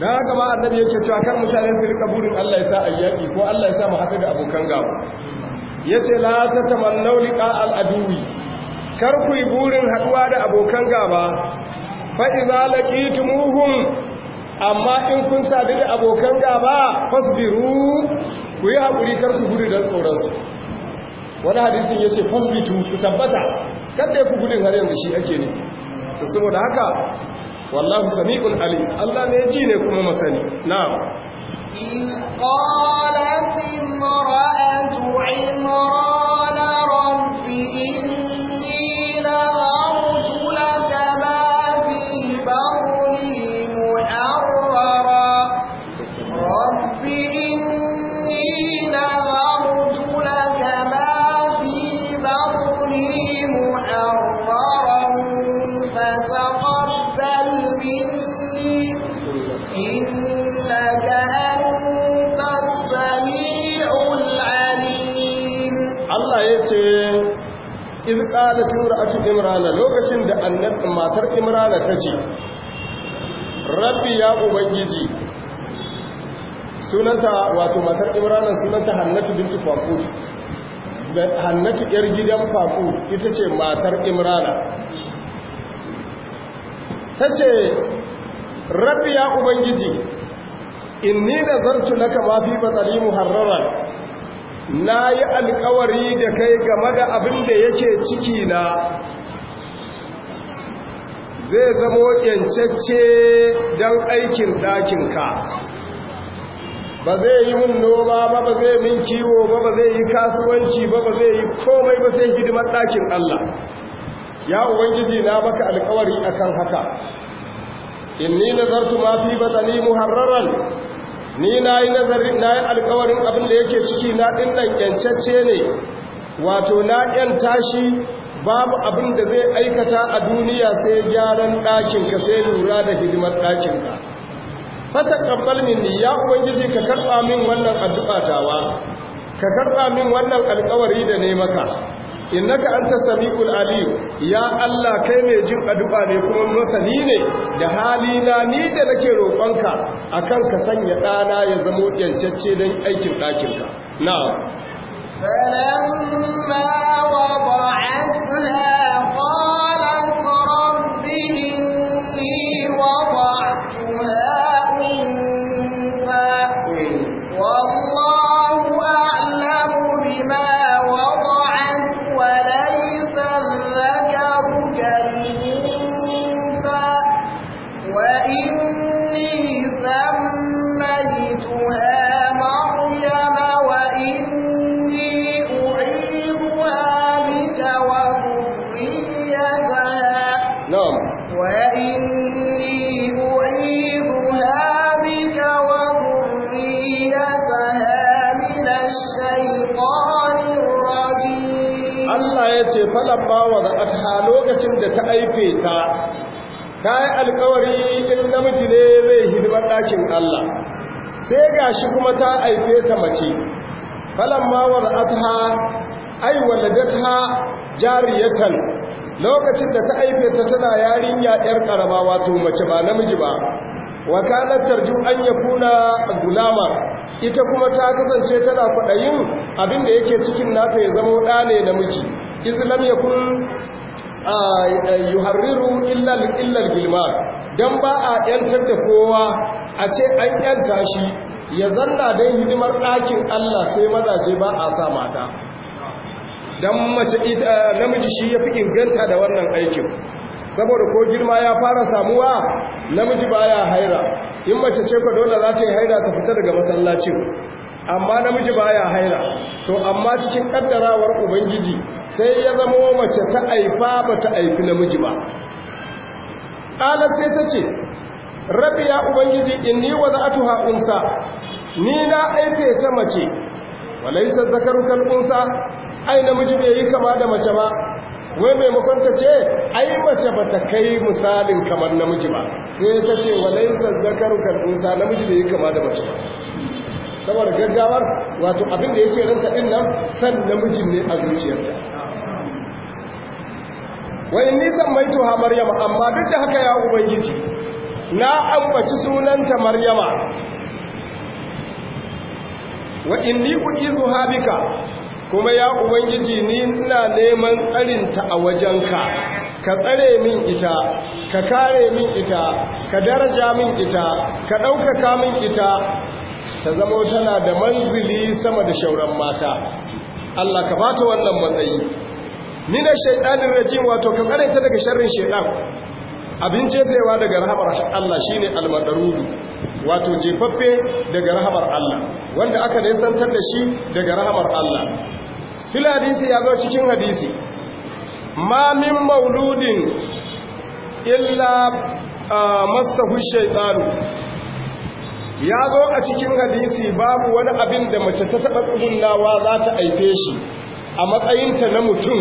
da haka ba annabi yake cewa kan mutane su rika burin Allah ya sa ayyaki ko Allah ya sa mu haɗu da abokan gaba yace la tamannau liqa al-aduwi kar ku yi burin haɗuwa da abokan gaba fa idza laqitumuhum amma in kun sadu da abokan gaba fasbiru ku yi haƙuri kar ku gudu dan tsoron su wani hadisin yace fasbitu ku tabbata kada ku gudu har yanzu shi ake ne to saboda haka wallahu sami'ul alim Allah ne ji ne kuma masani na'am in qalat imra'atu imran rabbi in imrana lokacin da matar imrana ta ce rabbi ya ubangiji sunanta wato matar imrana sunanta hannatu binti da hannatu yar gidan fakut ita ce matar imrana ta ce rabbi ya ubangiji inni nazartu laka ma fi batsari muharraran na yi alkawari da kai game da abin da yake ciki na zai zama yancacce don aikin ɗakinka ba zai yi mun noma ba ba zai min kiwo ba ba zai yi kasuwanci ba ba zai yi komai ba sai hidimar ɗakin Allah ya ubangiji na baka alkawari akan haka In ni nazartu ma fi batani muharraran ni nayi nazari nayi alkawarin abin da yake ciki na dinnan yancacce ne wato na yanta shi babu abin da zai aikata a duniya sai gyaran ɗakinka sai lura da hidimar ɗakinka fata ƙabbal minni ya ubangiji ka karɓa min wannan addu'a tawa ka karɓa min wannan alƙawari da ne maka innaka anta samiul Aliyu. ya Allah kai mai jin addu'a ne kuma masani ne da hali na ni da nake roƙonka akan ka sanya ɗana ya zamo yancacce don aikin ɗakinka na'am فلما وضعتها قال kayi alkawari in namiji ne zai hidimar ɗakin Allah sai ga shi kuma ta aife ta mace falamma wal'atha ai waladatha jariyatan lokacin da ta aife ta tana yarinya yar karama wato mace ba namiji ba wa kanat tarju an yakuna gulama ita kuma ta kasance tana kwaɗayin abinda yake cikin nata ya zama ɗane ne namiji iz lam yakun yuharriru illar gilman don ba a ‘yantar da kowa a ce an ‘yanta shi ya zanna don hidimar ɗakin Allah sai mazaje ba a sa mata don namiji shi ya fi inganta da wannan aikin saboda ko girma ya fara samuwa namiji baya haira in mace ce ka dole za ta yi haira ta fita daga masallacin amma namiji baya haira, to amma cikin kaddarawar ubangiji sai ya zama mace ta aifa ba ta aifi namiji ba qalat sai ta ce rabbi ya ubangiji inni wada'atuha unsa ni na aife ta mace walaysa zakaru kal unsa ai namiji bai yi kama da mace ba wai maimakon ta ce ai mace ba ta kai misalin kamar namiji ba sai ta ce walaysa zakaru kal unsa namiji bai yi kama da mace ba saboda gaggawar wato abin da ya ce ranta din nan san namijin ne a zuciyarta wai ni zan maito ha maryama amma duk da haka ya ubangiji na ambaci sunanta maryama wa inni uizuha bika kuma ya ubangiji ni ina neman tsarinta a wajenka ka tsare min ita ka kare min ita ka daraja min ita ka ɗaukaka min ita ta zama tana da manzili sama da shauran mata Allah ka bata wannan matsayi ni na shaidanin rajin wato ka ta daga sharrin shaidan abin jefewa daga rahamar Allah shine almadarudu. wato jefaffe daga rahamar Allah wanda aka nisantar da shi daga rahamar Allah fil hadisi ya zo cikin hadisi ma min mauludin illa ah, masahu shaytanu ya zo a cikin hadisi babu wani abin da mace ta taɓa tsugunawa za ta aife shi a matsayinta na mutum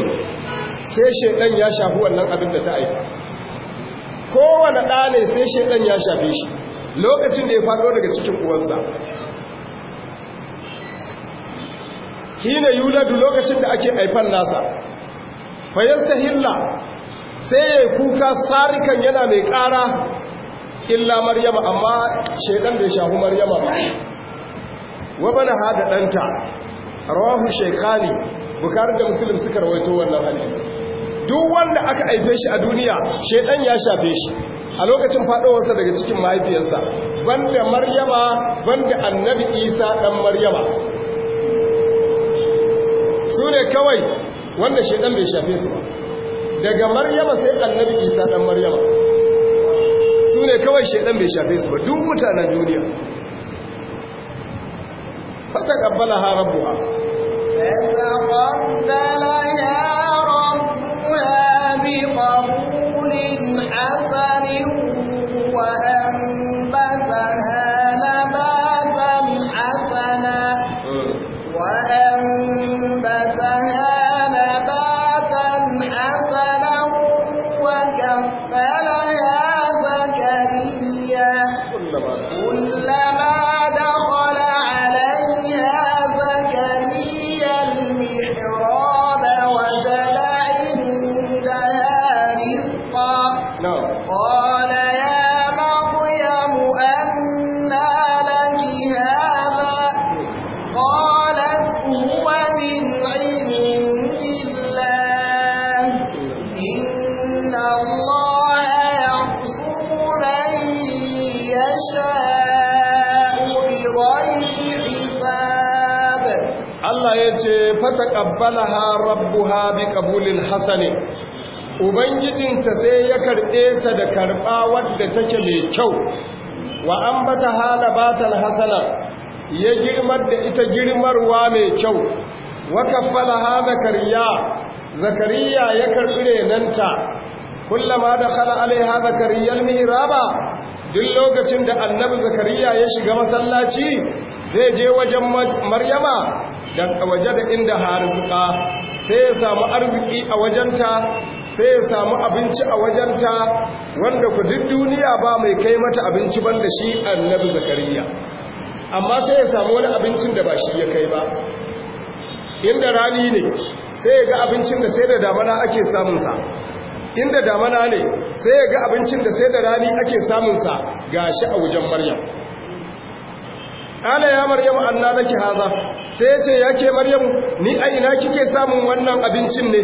sai shaidan ya shafi wannan abin da ta aifa kowane ɗa ne sai shaidan ya shafi shi lokacin da ya faɗo daga cikin uwansa hina yuladu lokacin da ake aifan nasa ta hilla sai ya yi kuka sarikan yana mai ƙara illa maryama amma shaidan bai shafi maryama ba wa bana hada danta rawahu shaykhani bukhari da muslim suka rawaito wannan hadisi duk wanda aka aife shi a duniya shaidan ya shafe shi a lokacin fadowarsa daga cikin mahaifiyarsa banda maryama banda annabi isa dan maryama Sune kawai wanda shaidan bai shafe su ba daga maryama sai annabi isa dan maryama su ne kawai shaidan bai shafe su ba duk mutanen duniya fata kabbala ha rabbuha bi قبول taqabbalaha rabbuha biqabulin hasani ubangijinta sai ya karɓe ta da karɓa wadda take mai kyau wa ambata halabatal hasana ya girmar da ita girmarwa mai kyau wa kaffalaha zakariya zakariya ya karɓi renanta kullama dakhala alaiha zakariya almihraba duk lokacin da annabi zakariya ya shiga masallaci zai je wajen maryama da waje da inda harzika sai ya samu arziki a wajenta sai ya samu abinci a wajenta wanda ku duk duniya ba mai kai mata abinci banda shi annabi zakariya amma sai ya samu wani abincin da ba shi ya kai ba inda rani ne sai ya ga abincin da sai da damana ake samunsa inda damana ne sai ya ga abincin da sai da rani ake samunsa ga shi a wajen maryam kala ya maryamu anna laki haza sai ya ce yake maryam ni a ina kike samun wannan abincin ne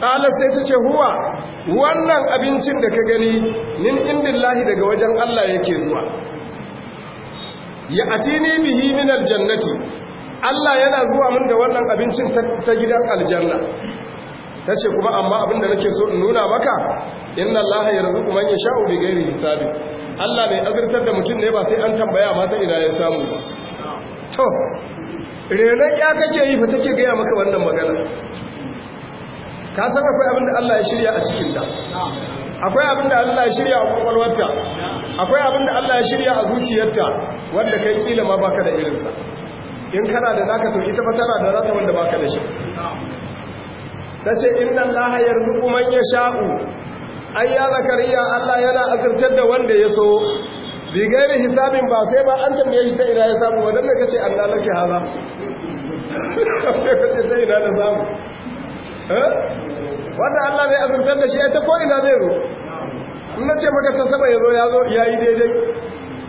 kala sai ta ce huwa wannan abincin da ka gani min indillahi daga wajen Allah yake zuwa ya atini bihi min aljannati Allah yana zuwa min da wannan abincin ta gidan aljanna ta ce kuma amma abinda nake so in nuna maka inna Allah ya razu kuma ya sha'u bi gairi hisabi Allah mai azurtar da mutum ne ba sai an tambaya mata ina ya samu to renon ya kake yi fa take gaya maka wannan magana ka san akwai abin da Allah ya shirya a cikin ta? akwai abin da Allah ya shirya a kwakwalwarta akwai abin da Allah ya shirya a zuciyarta wanda kai kila ma baka da irinsa in kana da naka to ita fa tana da rasa wanda baka da shi ta ce inna allaha yarzuqu man sha'u ai ya zakariya allah yana azurtar da wanda ya so bigairi hisabin ba sai ba an tambaye shi ta ina ya samu wadan da kace Allah laki haza kace sai ina da samu wanda allah zai azurtar da shi ai ta ko ina zai zo in na ce maka ta saba ya zo ya zo ya yi daidai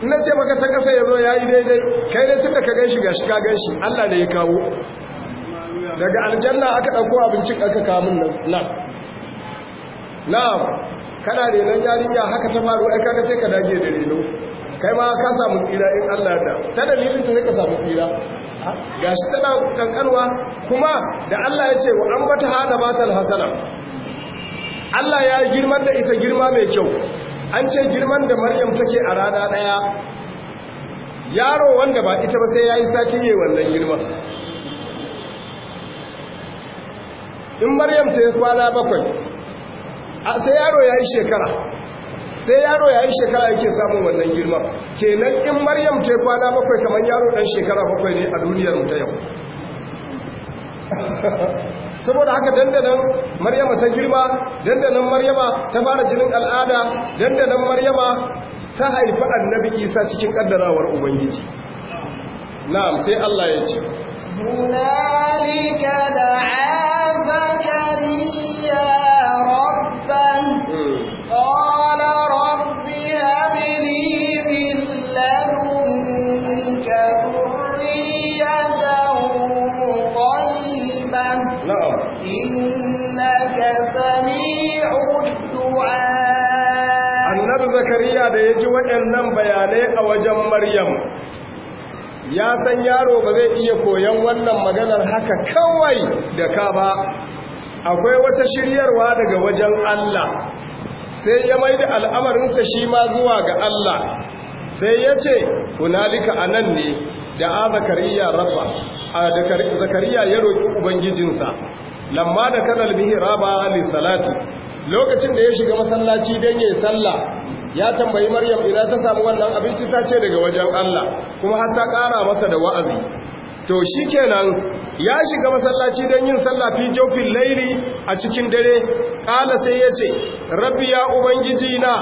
in na ce maka ta kasa ya zo ya yi daidai kai ne tunda ka gan shi ga shi ka gan shi allah ne ya kawo daga aljanna aka ɗauko abincin aka kamun nan na'am kana renon yarinya haka ta faru ka ka ce ka dage da reno kai ma ka samu tsira in Allah da ta dalilin ta ka samu tsira Ga shi tana kankanwa kuma da Allah ya ce wa an bata hada batal hasana Allah ya girman da ita girma mai kyau an ce girman da Maryam take a rana daya yaro wanda ba ita ba sai ya yi sati yayi wannan girma. in maryam ta yi kwana bakwai sai yaro ya yi shekara sai yaro ya yi shekara yake samun wannan girma Ke nan in maryam ta yi kwana bakwai kamar yaro ɗan shekara bakwai ne a duniyar ta yau saboda haka dandanan maryama ta girma dandanan maryama ta fara jinin al'ada dandanan maryama ta haifi annabi isa cikin kaddarawar ubangiji na'am sai allah ya ce da'a zakariya da ya ji waɗannan bayanai a wajen maryam ya san yaro ba zai iya koyon wannan maganar haka kawai da ka ba akwai wata shiryarwa daga wajen allah sai ya mai da al'amarinsa shi ma zuwa ga allah sai ya ce hunalika a nan ne da a zakariya rafa a zakariya ya roƙi ubangijinsa lamma da kanal bihi raba li salati lokacin da ya shiga masallaci don yi sallah ya tambayi maryam ina ta samu wannan abinci ta ce daga wajen Allah kuma har ta kara masa da wa'azi to shikenan ya shiga masallaci don yin sallah fi jofin laili a cikin dare ƙala sai ya ce rabbi ya ubangiji na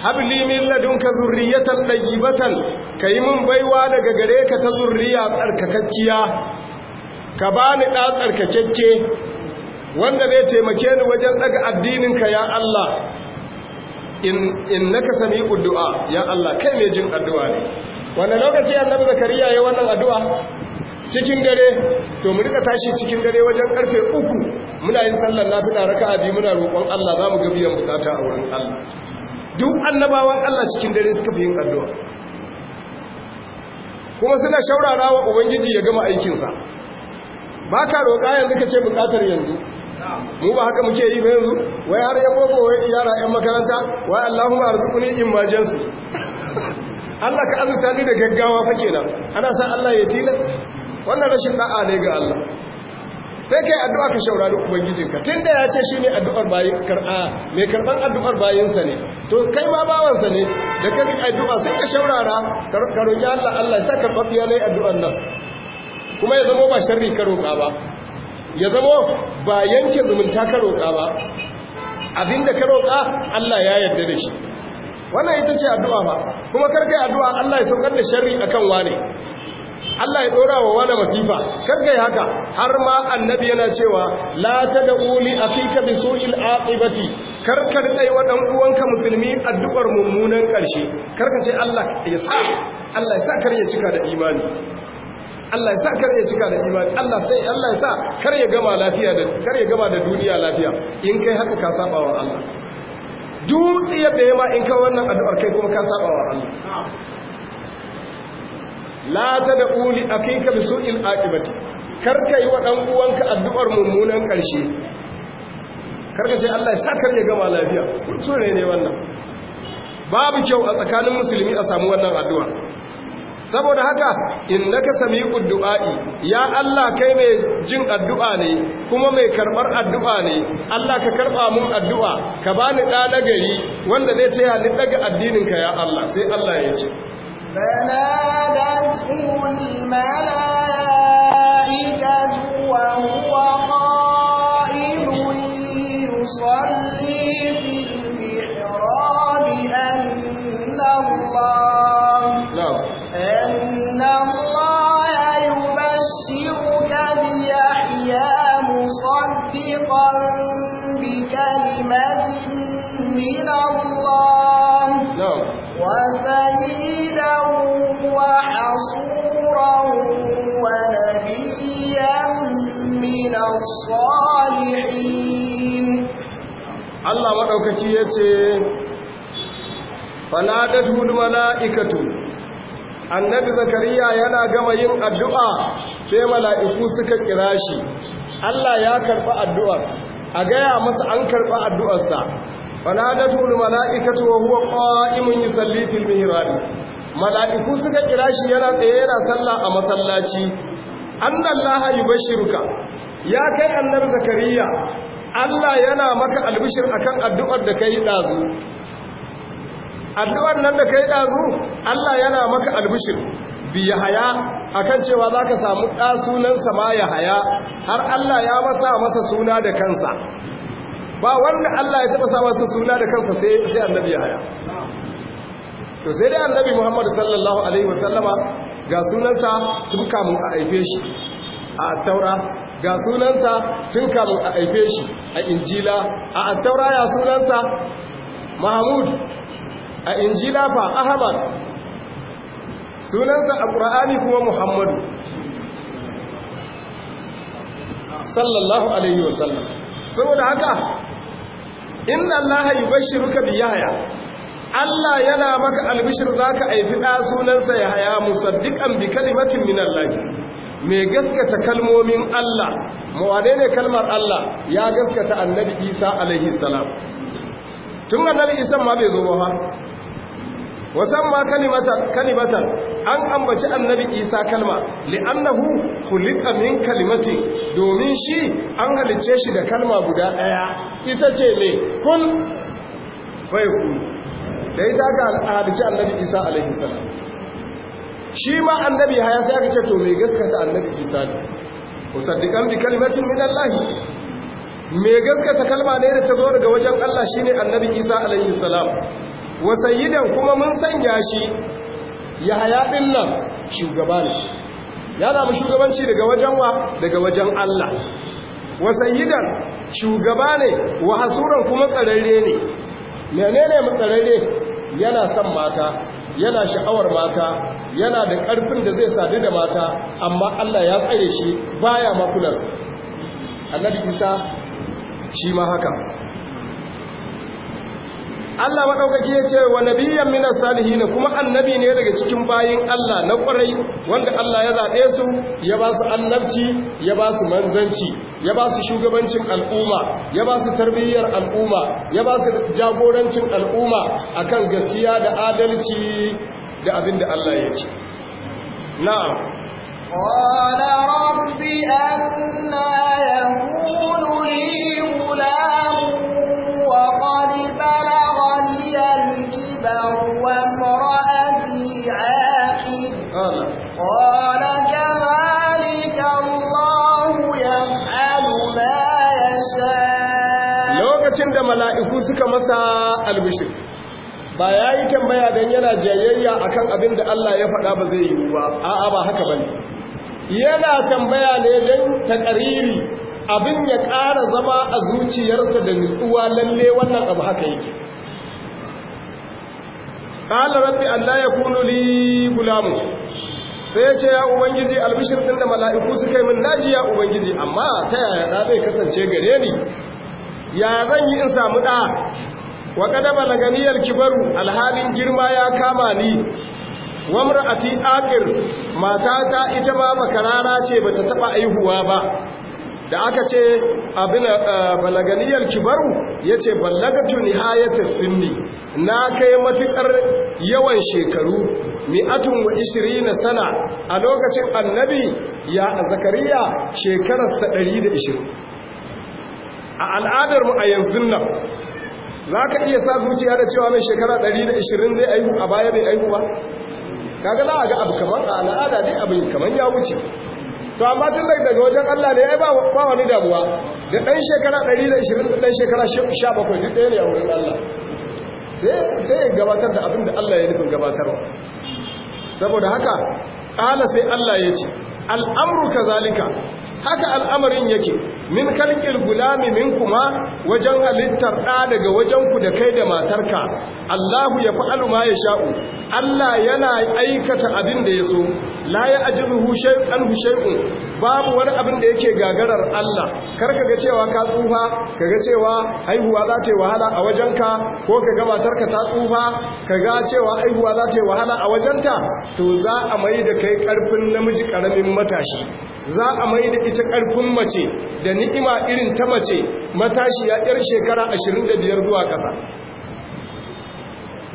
habli min ladunka zurriyatan dayyibatan kai mun baiwa daga gare ka ta zurriya tsarkakakkiya ka bani da tsarkakakke wanda zai taimake ni wajen daga ka ya Allah in na ka sami addu'a ya Allah kai mai jin addu'a ne wanda lokaci annabi zakariya ya wannan addu'a cikin dare to mu rika tashi cikin dare wajen karfe uku muna yin sallar nafila raka biyu muna roƙon Allah za mu ga biyan bukata a wurin Allah duk annabawan Allah cikin dare suka fi yin addu'a kuma suna shaurara wa ubangiji ya gama aikinsa ba ka roƙa yanzu ka ce bukatar yanzu mu ba haka muke yi ba yanzu wai har ya boko wai yara yan makaranta wai Allahumma arzuqni imajansu Allah ka azurta ni da gaggawa fa kenan ana san Allah ya tila wannan rashin da'a ne ga Allah sai kai addu'a ka shaurari ubangijinka tunda ya ce shine addu'ar bayin kar'a mai karban addu'ar sa ne to kai ma sa ne da kai addu'a sai ka shaurara karo ya Allah Allah ya sa karɓar ne addu'ar nan kuma ya zama ba sharri ka ba ya zama ba yanke zumunta ka roƙa ba abinda ka roƙa Allah ya yarda da shi wannan ita ce addu'a ba kuma karka yi addu'a Allah ya saukar da sharri akan wane Allah ya dora wa wani masifa karka yi haka har ma annabi yana cewa la da uli akika bi su'il aqibati karka rika wa dan uwanka musulmi addu'ar mummunan karshe karka ce Allah ya sa Allah ya sa kar ya cika da imani Allah ya sa kar ya cika da imani Allah sai Allah ya sa kar ya gama lafiya da kar ya gama da duniya lafiya in kai haka ka saba wa Allah dukiya yadda yema in kai wannan addu'ar kai kuma ka saba wa Allah la tad'u li akika bi su'il aqibati kar kai wa dan uwanka addu'ar mummunan karshe kar ka ce Allah ya sa kar ya gama lafiya so ne ne wannan babu kyau a tsakanin musulmi a samu wannan addu'a saboda haka innaka sami'ud du'a'i ya Allah kai mai jin addu'a ne kuma mai karbar addu'a ne Allah ka karba mun addu'a ka bani da nagari wanda zai taya ni daga addinin ka ya Allah sai Allah ya ce fanadatu malaikatu wa huwa ce faladatul mala'ikatu annabi zakariya yana gama yin addu'a sai mala'iku suka kira shi Allah ya karɓi addu'ar a gaya masa an karɓi addu'arsa faladatul mala'ikatu wa huwa qa'imun yusalli fil mihrab mala'iku suka kira shi yana tsaye yana sallah a masallaci annallaha yubashshiruka ya kai annabi zakariya Allah yana maka albishir akan addu'ar da yi ɗazu. addu'ar nan da yi ɗazu, Allah yana maka albishir haya a kan cewa za ka samu da ma ya haya, har Allah ya masa masa suna da kansa ba wanda Allah ya taba sa masa suna da kansa sai sai ya haya. to sai dai annabi Muhammadu sallallahu alaihi wasallama ga sunansa tun kamun a haife shi a taura ga sunansa tun kamun a haife shi a injila a attaura ya sunansa mahmud a injila fa ahmad sunansa a ƙura'ani kuma muhammadu sallallahu alaihi sallam. saboda haka inna allaha yubashshiruka bi yahya Allah yana maka albishir zaka aifi da sunansa haya musaddiqan bi kalimatin min allahi mai gaskata kalmomin Allah mawane ne kalmar Allah ya gaskata annabi Isa alaihi salam tun annabi Isa ma bai zo ba Wasan kalimatan kalimatan an ambaci annabi Isa kalma li'annahu khuliqa min kalimati domin shi an halice shi da kalma guda daya ita ce me kun bai ku da ita ga halice annabi Isa alaihi salam shi ma annabi haya sai aka ce to mai gaskata annabi isa ne musaddiqan bi kalimatin min Allah mai gaskata kalma ne da ta zo daga wajen Allah shine annabi isa alaihi salam wa sayyidan kuma mun sanya shi yahaya din nan shugaba ne ya zama shugabanci daga wajen wa daga wajen Allah wa sayyidan shugaba ne wa hasuran kuma tsararre ne menene mu tsararre yana son mata yana sha'awar mata yana da ƙarfin da zai sadu da mata amma Allah ya tsare shi baya makulas. annabi isa shi ma haka Allah maɗaukaki ya ce wa nabiyyan minas salihin kuma annabi ne daga cikin bayin Allah na kwarai wanda Allah ya zaɓe su ya ba su annabci ya ba su manzanci ya ba su shugabancin al'umma ya ba su tarbiyyar al'umma ya ba su jagorancin al'umma akan gaskiya da adalci da abin da Allah ya ce na'am qala rabbi anna yakunu li ghulam wa wani balaghani al-kibar wa imra'ati 'aqil qala kadhalika Allahu yaf'alu ma yasha lokacin da mala'iku suka masa albishir ba ya yi tambaya don yana jayayya a kan abin da Allah ya faɗa ba zai yi ba a'a ba haka ba yana tambaya ne don taƙariri abin ya ƙara zama a zuciyarsa da nutsuwa lalle wannan abu haka yake ƙala rabbi Allah ya kunu li gulamu sai ya ce ya ubangiji albishir ɗin da mala'iku suka kai min naji ya ubangiji amma ta yaya ɗa zai kasance gare ni ya zan yi in samu ɗa wa kada balaganiyar kibaru alhalin girma ya kama ni wamra ati akir matata ita ma makarara ce bata taba aihuwa ba da aka ce abina eh, balaganiyar kibaru yace ballagatu hayatar sunni. na kai matukar yawan shekaru mi'atun wa ishirina sana a lokacin annabi ya zakariya shekararsa 120 a al'adar mu a yanzu nan za ka iya sa zuciya da cewa mai shekara 120 zai aihu a baya bai aihu ba kaga za a ga abu kamar a al'ada dai abin kamar ya wuce to amma tun daga wajen Allah ne ai ba wani damuwa da ɗan shekara 120 da ɗan shekara 17 duk ɗaya ne a wurin Allah sai ya gabatar da abin da Allah ya nufin gabatarwa saboda haka ƙala sai Allah ya ce al'amru ka zalika haka al'amarin yake min kalkil gulami min kuma wajen halittar ɗa daga wajen ku da kai da matarka Allahu ya fa'alu ma sha'u. Allah yana aikata abin da ya so la ya an hushe ku. babu wani abin da yake gagarar Allah kar ga cewa ka tsufa ka ga cewa haihuwa za ta yi wahala a wajenka ko ka ga matarka ta tsufa ka ga cewa haihuwa za ta yi wahala a wajenta to za a mai da kai karfin namiji karamin matashi za a mai da ita ƙarfin mace da ni'ima irin ta mace matashiya 'yar shekara 25 zuwa ƙasa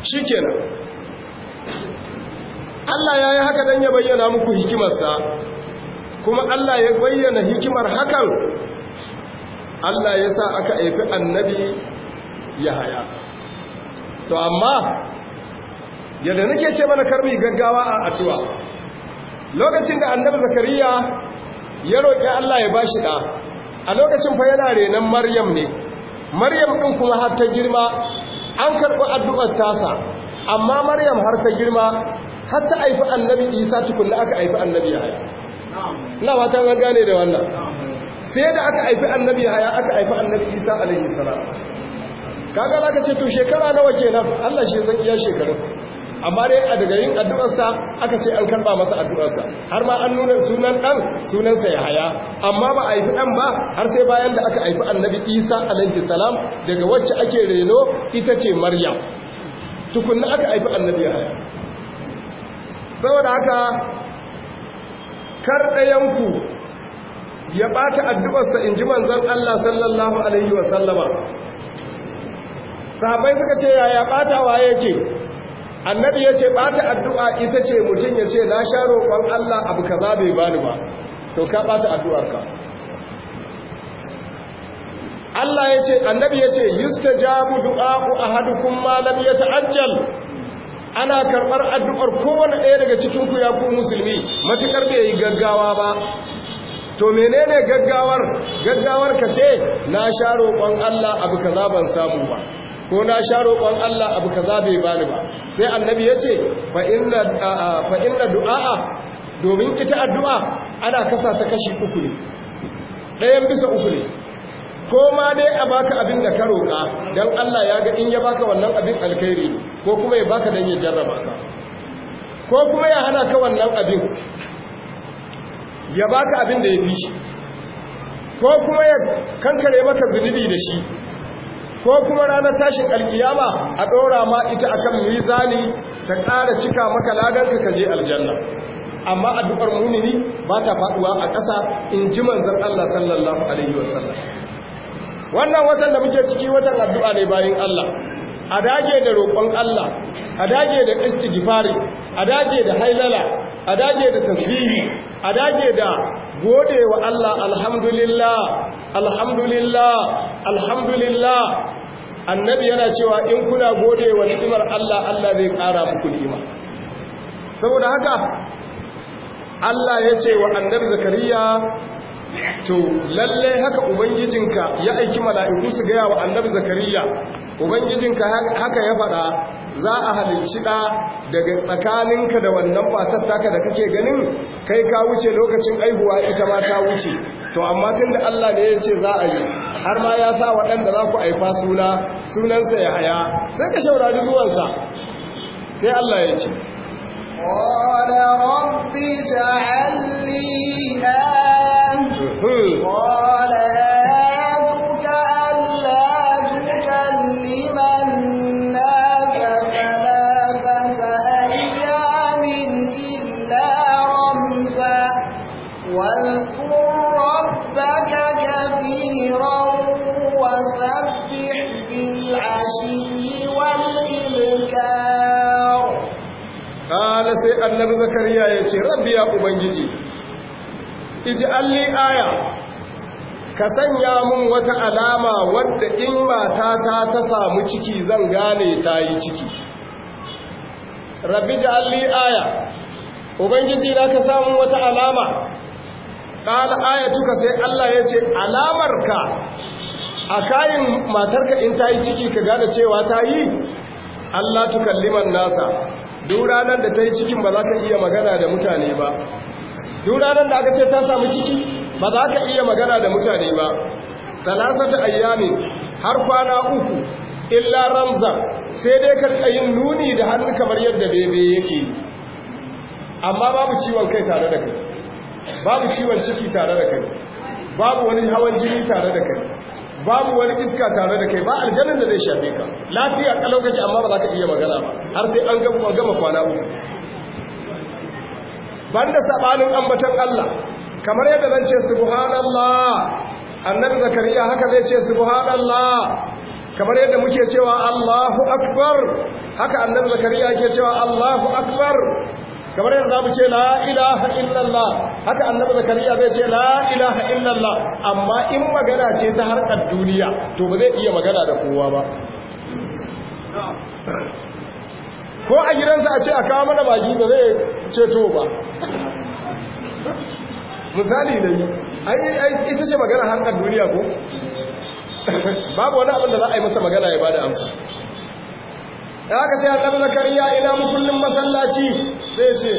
shi kenan Allah ya yi haka don ya bayyana muku hikimarsa kuma Allah ya bayyana hikimar hakan Allah ya sa aka aifi annabi ya haya to amma yadda nake ce mana karmi gaggawa a addu'a lokacin da annabi zakariya ya roƙi Allah ya bashi ɗa a lokacin fa yana renon maryam ne maryam ɗin kuma har ta girma an karɓi addu'ar tasa amma maryam har ta girma har ta haifi annabi isa tukunna aka haifi annabi yahaya ina wata an gane da wannan sai da aka haifi annabi yahaya aka haifi annabi isa alaihi salam kaga zaka ce to shekara nawa kenan Allah shi zan iya shekarun amma dai a daga yin addu'arsa aka ce an karba masa addu'arsa har ma an nuna sunan ɗan sunansa ya haya amma ba a yi ɗan ba har sai bayan da aka aifi annabi isa alaihi salam daga wacce ake reno ita ce maryam tukunna aka haifi annabi ya haya saboda haka kar ɗayanku ya ɓata addu'arsa in ji manzan Allah sallallahu Alaihi wasallama sahabai suka ce yaya ɓatawa yake annabi ya ce ɓata addu'a ita ce mutum ya ce na sha roƙon Allah abu kaza bai bani ba to ka ɓata addu'arka Allah ya ce annabi ya ce yusta jabu du'a'u ahadukum ma lam ta'ajjal. ana karɓar addu'ar kowane ɗaya daga cikin ku ya ku musulmi matuƙar bai yi gaggawa ba to menene gaggawar gaggawar ka ce na sha roƙon Allah abu kaza ban samu ba ko na sha roƙon Allah abu kaza bai bani ba sai annabi ya ce fa inna du'a'a domin ita addu'a ana kasa ta kashi uku ne ɗayan bisa uku ne ko ma dai a baka abin da ka roƙa don Allah ya ga in ya baka wannan abin alkhairi ko kuma ya baka don ya jarraba ka ko kuma ya hana ka wannan abin ya baka abin da ya fi shi ko kuma ya kankare maka zunubi da shi ko kuma ranar tashin alkiyama a ɗora ma ita akan mizani ta ƙara cika maka ladar ka je aljanna amma addu'ar munini ba ta faɗuwa a ƙasa in ji manzan Allah sallallahu alaihi wasallam wannan watan da muke ciki watan addu'a ne bayan Allah a dage da roƙon Allah a dage da istighfari a dage da hailala a dage da tasbihi a dage da gode wa Allah alhamdulillah alhamdulillah alhamdulillah annabi yana cewa in kuna gode wa ni'imar Allah Allah zai kara muku ni'ima saboda haka Allah ya ce wa annabi zakariya to lalle haka ubangijinka ya aiki mala'iku su gaya wa annabi zakariya ubangijinka haka ya faɗa za a halicci ɗa daga tsakaninka da wannan matar taka da kake ganin kai ka wuce lokacin aihuwa ita ma ta wuce to amma tun da Allah ne ya ce za a yi har ma ya sa waɗanda za ku aifa suna sunansa ya haya sai ka shaurari zuwansa sai Allah ya ce annar zakariya ya ce rabbi ya ubangiji iji alli aya ka sanya mun wata alama wadda in matata ta samu ciki zan gane ta yi ciki rabbi ji alli aya ubangiji na ka samu wata alama ƙala ayatuka sai allah ya ce alamarka a kayan matarka in ta yi ciki ka gane cewa ta yi allah tukalliman nasa duk ranar da ta yi cikin ba za ka iya magana da mutane ba dura ranar da aka ce ta samu ciki ba za ka iya magana da mutane ba salasata ayyami har kwana uku illa ramzan sai dai ka tsayin nuni da hannu kamar yadda bebe yake amma babu ciwon kai tare da kai babu ciwon ciki tare da kai babu wani hawan jini tare da kai babu wani iska tare da kai ba aljannan da zai shafe ka lafiya a lokaci amma ba za ka iya magana ba har sai an gama kwana uku banda sabanin ambatan Allah kamar yadda zan ce subhanallah annabi zakariya haka zai ce subhanallah kamar yadda muke cewa Allahu akbar haka annabi zakariya yake cewa Allahu akbar kamar yadda mu ce la ilaha illallah haka annabi zakariya zai ce la ilaha illallah amma in magana ce ta harkar duniya to ba zai iya magana da kowa ba ko a gidansa a ce a kawo mana baki ba zai ceto ba misali da yi ita ce magana harkar duniya ko babu wani abin da za a yi masa magana ya bada amsa da haka sai annabi zakariya ina mu kullum masallaci sai ya ce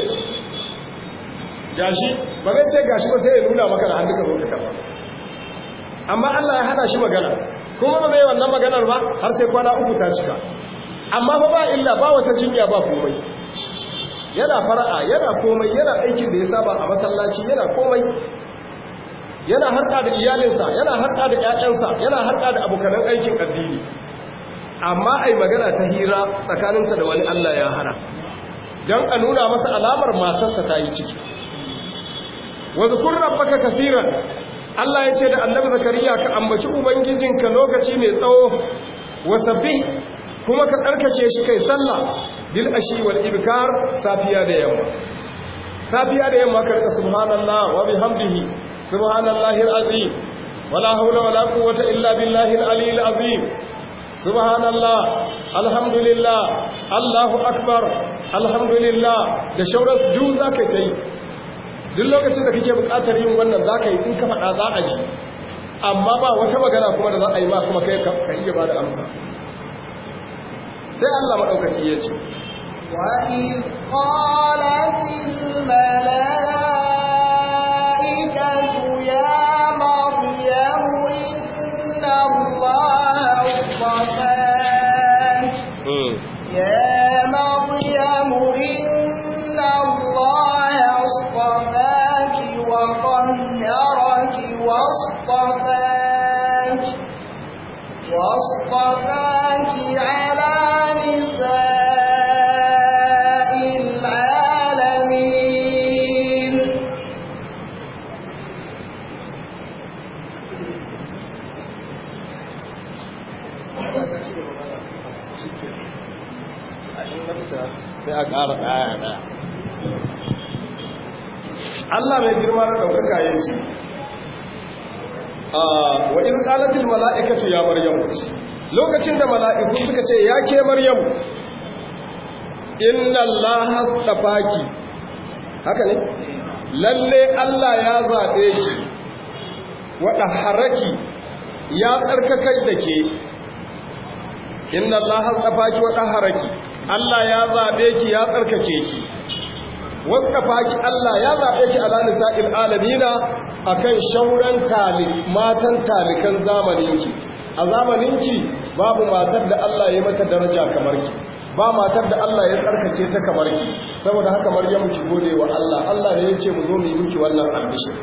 gashi ba zai ce gashi ba sai ya nuna maka da hannu ka zo kafa amma Allah ya hana shi magana kuma ba zai yi wannan maganar ba har sai kwana uku ta cika amma ba ba illa ba wata jinya ba komai yana fara'a yana komai yana aikin da ya saba a masallaci yana komai yana harka da iyalinsa yana harka da ƴaƴansa yana harka da abokanan aikin addini amma yi magana ta hira tsakaninsa da wani Allah ya hana don a nuna masa alamar matarsa ta yi ciki Wanzu kun rabbaka kasiran Allah ya ce da annabi zakariya ka ambaci ubangijinka lokaci mai tsawo wasabbi kuma ka tsarkake shi kai sallah bil ashi wal ibkar safiya da yamma safiya da yamma karka subhanallah wa bihamdihi subhanallahi alazim wala hawla wala quwwata illa billahi alaliyil azim subhanallah alhamdulillah allahu akbar alhamdulillah da shauransu duk za ka yi duk lokacin da kake bukatar yin wannan za ka yi in ka faɗa za a ji amma ba wata magana kuma da za a yi ma kuma kai ka iya ba da amsa sai allah maɗaukaki ya ce Yeah albarka a ce wa mala'ikatu ya maryam lokacin da mala'iku suka ce ya ke maryam inna allaha baki, haka ne lalle Allah ya zaɓe ki waɗa haraki ya tsarkakai da ke inna allaha baki waɗa haraki Allah ya zaɓe ki ya tsarkake ki waska ki Allah ya zaɓe ki ala nisa'il alamina akan shauran matan talikan zamaninki a zamaninki babu matar da Allah ya mata daraja kamar ki ba matar da Allah ya tsarkake ta kamar ki saboda haka marjan ki gode wa Allah Allah ne ya ce mu zo mu yi miki wannan albishir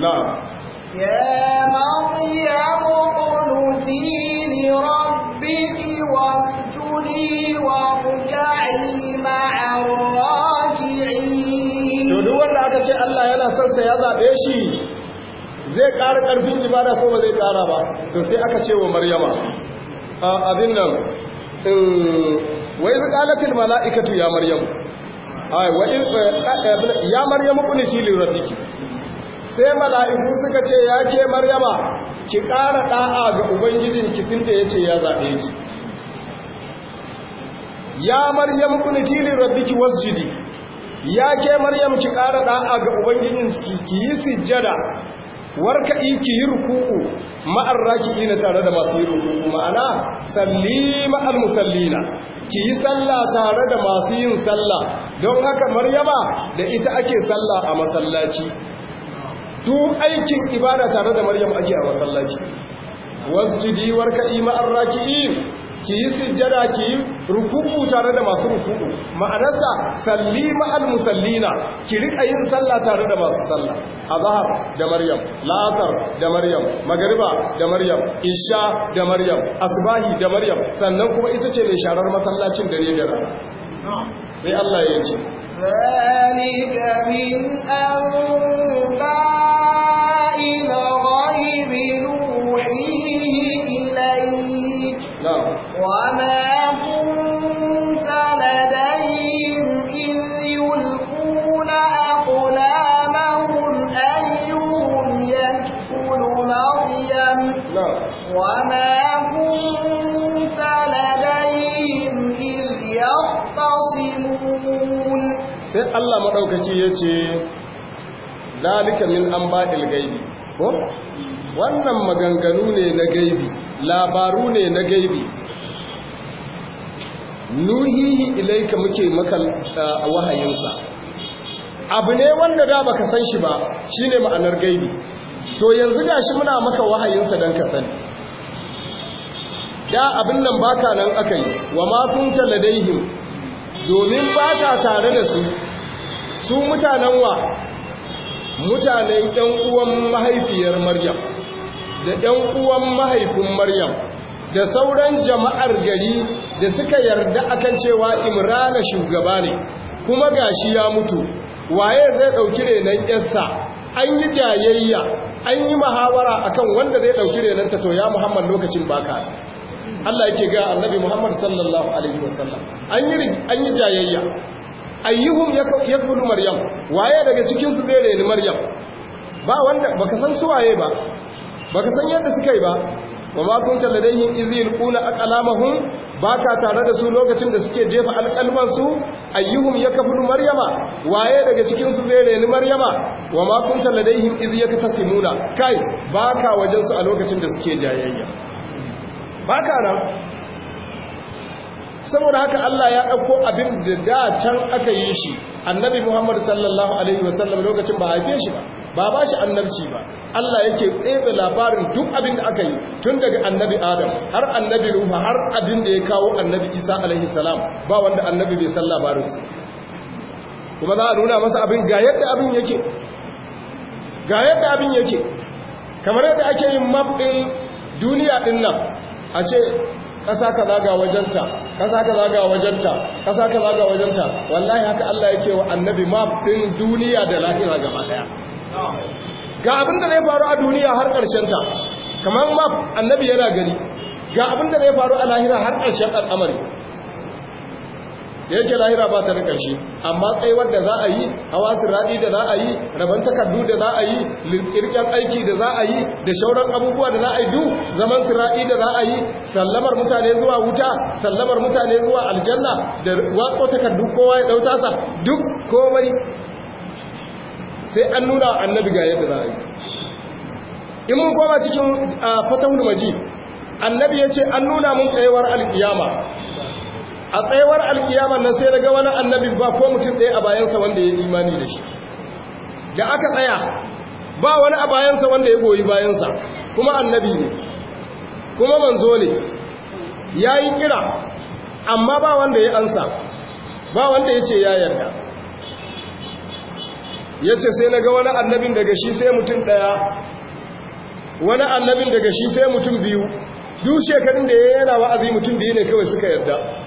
na'am يا مريم قنتي لربك واسجدي واركعي مع الراكعين ce Allah yana son sa ya zaɓe shi zai ƙara ƙarfin ibada ko ba zai ƙara ba to sai aka ce wa maryama abin nan wai zai ƙalatin mala'ikatu ya maryamu eh, eh, ya Maryam kuni filin rafiki sai mala'iku suka ce ya ke maryama ki ƙara ɗa'a ga ubangijin kitin da ya ce ya zaɓe shi ya Maryam kuni filin rafiki wasjidi ya ke maryam ki ƙara ɗa'a ga ubangijin ki yi sujjada yi ki yi ruku'u ma'ar raki'ina tare da masu yi ruku'u ma'ana salli ma'al musallina ki yi sallah tare da masu yin sallah don haka maryama da ita ake sallah a masallaci duk aikin ibada tare da maryam ake a masallaci wasjudi warka'i ma'ar raki'in ki yi sujjada ki yi rukuku tare da masu ruku'u ma'anarsa salli ma'al musallina ki riƙa yin sallah tare da masu sallah azhar da maryam la'asar da maryam Magariba da maryam isha da maryam asbahi da maryam sannan kuma ita ce mai sharar masallacin dare da rana sai Allah ya ce maɗaukaki ya ce dalika min an ba'il gaibi ko wannan maganganu ne na gaibi labaru ne na gaibi nuhihi ilaika muke maka uh, wahayinsa abu ne wanda da baka san shi ba shine ma'anar gaibi to yanzu gashi muna maka wahayinsa dan ka sani da abin nan baka nan akai wa ma kunta ladaihim domin baka tare da su su mutanen wa mutanen ɗan uwan mahaifiyar maryam da ɗan uwan mahaifin maryam da sauran jama'ar gari da suka yarda akan cewa imrana shugaba ne kuma gashi ya mutu waye zai ɗauki renon yarsa an yi jayayya an yi muhawara akan wanda zai ɗauki renon ta to ya muhammad lokacin baka Allah yake ga annabi Muhammad sallallahu alaihi wasallam an yi an yi jayayya ayyuhum yakbulu maryam waye daga cikin su zai reni maryam ba wanda baka san su waye ba baka san yadda suka yi ba wa ma kunta ladayhim idh yulquna aqlamahum baka tare da su lokacin da suke jefa alqalman su ayyuhum yakbulu maryama waye daga cikin su zai reni maryama wa ma kunta ladayhim idh yaktasimuna kai baka wajen su a lokacin da suke jayayya baka nan saboda haka Allah ya ɗauko abin da da can aka yi shi annabi Muhammad sallallahu alaihi wasallam lokacin ba haife shi ba ba ba shi annabci ba Allah yake ɗebe labarin duk abin da aka yi tun daga annabi Adam har annabi Ruhu har abin da ya kawo annabi Isa alaihi salam ba wanda annabi bai san labarin su kuma za a nuna masa abin ga yadda abin yake ga yadda abin yake kamar yadda ake yin map duniya ɗin nan a ce ƙasa ka zaga wajenta ƙasa ka zaga wajenta ƙasa ka zaga wajenta wallahi haka Allah ya ce wa annabi ma din duniya da lahira gaba daya ga abin da zai faru a duniya har ƙarshen ta kamar ma annabi yana gani ga abin da zai faru a lahira har ƙarshen al'amari da yake lahira ba ta da ƙarshe amma tsayuwar da za a yi hawa sirraɗi da za a yi rabon takardu da za a yi lirƙirƙen aiki da za a yi da shauran abubuwa da za a yi duk zaman sirraɗi da za a yi sallamar mutane zuwa wuta sallamar mutane zuwa aljanna da watsa takardu kowa ya ɗauta sa duk komai sai an nuna wa annabi ga yadda za a yi in mun koma cikin ah, fatan majid annabi ya ce an nuna mun tsayuwar alkiyama a tsayawar alkiyama nan sai daga wani annabi ba ko mutum ɗaya a bayansa wanda ya imani da shi da aka tsaya ba wani a bayansa wanda ya goyi bayansa kuma annabi ne kuma manzo ne ya yi kira amma ba wanda ya ansa ba wanda ya ce ya yarda ya ce sai na ga wani annabin daga shi sai mutum ɗaya wani annabin daga shi sai mutum biyu duk shekarun da ya yana wa'azi mutum biyu ne kawai suka yarda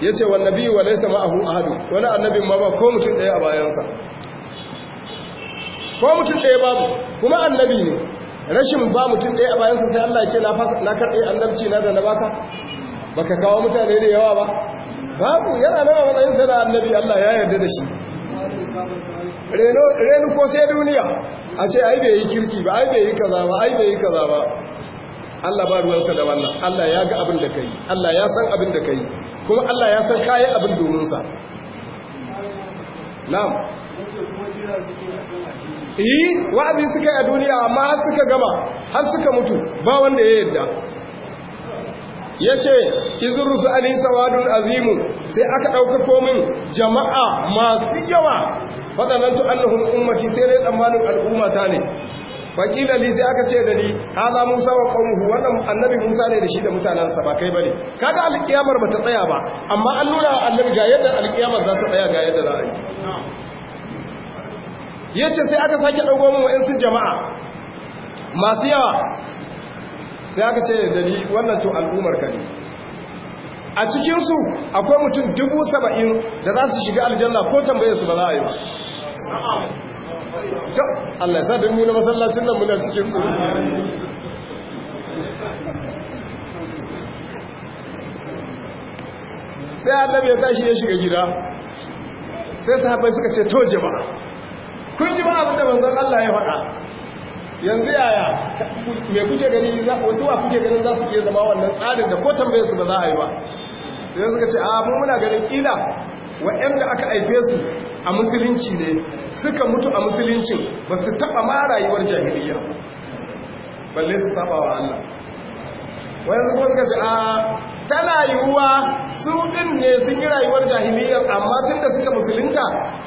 ya ce wa nabi wa laisa ma'ahu hadu wani annabi ma ba ko mutum ɗaya a bayansa ko mutum ɗaya babu kuma annabi ne rashin ba mutum ɗaya a bayansa sai Allah ya ce na karɓe annabci na da na baka baka kawo mutane da yawa ba babu yana nawa matsayin sa da annabi Allah ya yarda da shi Renu ko sai duniya a ce ai bai yi kirki ba ai bai yi kaza ba ai bai yi kaza ba Allah ba ruwansa da wannan Allah ya ga abin da kai Allah ya san abin da kai kuma Allah ya san kayan abin domin sa na'am yi eh, wa'azi suka yi a duniya amma har suka gama har suka mutu ba wanda ya yarda ya ce izurrufu ali wadun azimu sai aka ɗauka komin jama'a masu yawa faɗanantu Allahun ummaci sai dai tsammanin al'ummata ne wakila li sai aka ce da ni haza musa wa qaumuhu wannan annabi musa ne da shi da mutanansa ba kai bane kaga alkiyamar bata tsaya ba amma an nuna annabi ga yadda alkiyamar za ta tsaya ga yadda za a yi yace sai aka sake dago mu wa'ansu jama'a masu yawa sai aka ce da ni wannan to al'umar ka ne a cikinsu akwai mutum dubu saba'in da za su shiga aljanna ko su ba za a yi ba Allah ya sa nuna masallacin nan muna cikin su sai annabi ya tashi ya shiga gida sai sahabbai suka ce to jima, kun jima ba abin da Allah ya faɗa yanzu yaya me kuke gani wasu wa kuke ganin za su iya zama wannan tsarin da ko tambayar su ba za a yi ba sai suka ce a mun muna ganin kila da aka aife su a musulunci ne suka mutu a musulunci ba su taɓa ma rayuwar jahiliya balle su taba wa Allah Wanzu kuma suka ce a tana yiwuwa su ɗin ne sun yi rayuwar jahiliyar amma tun da suka musulunta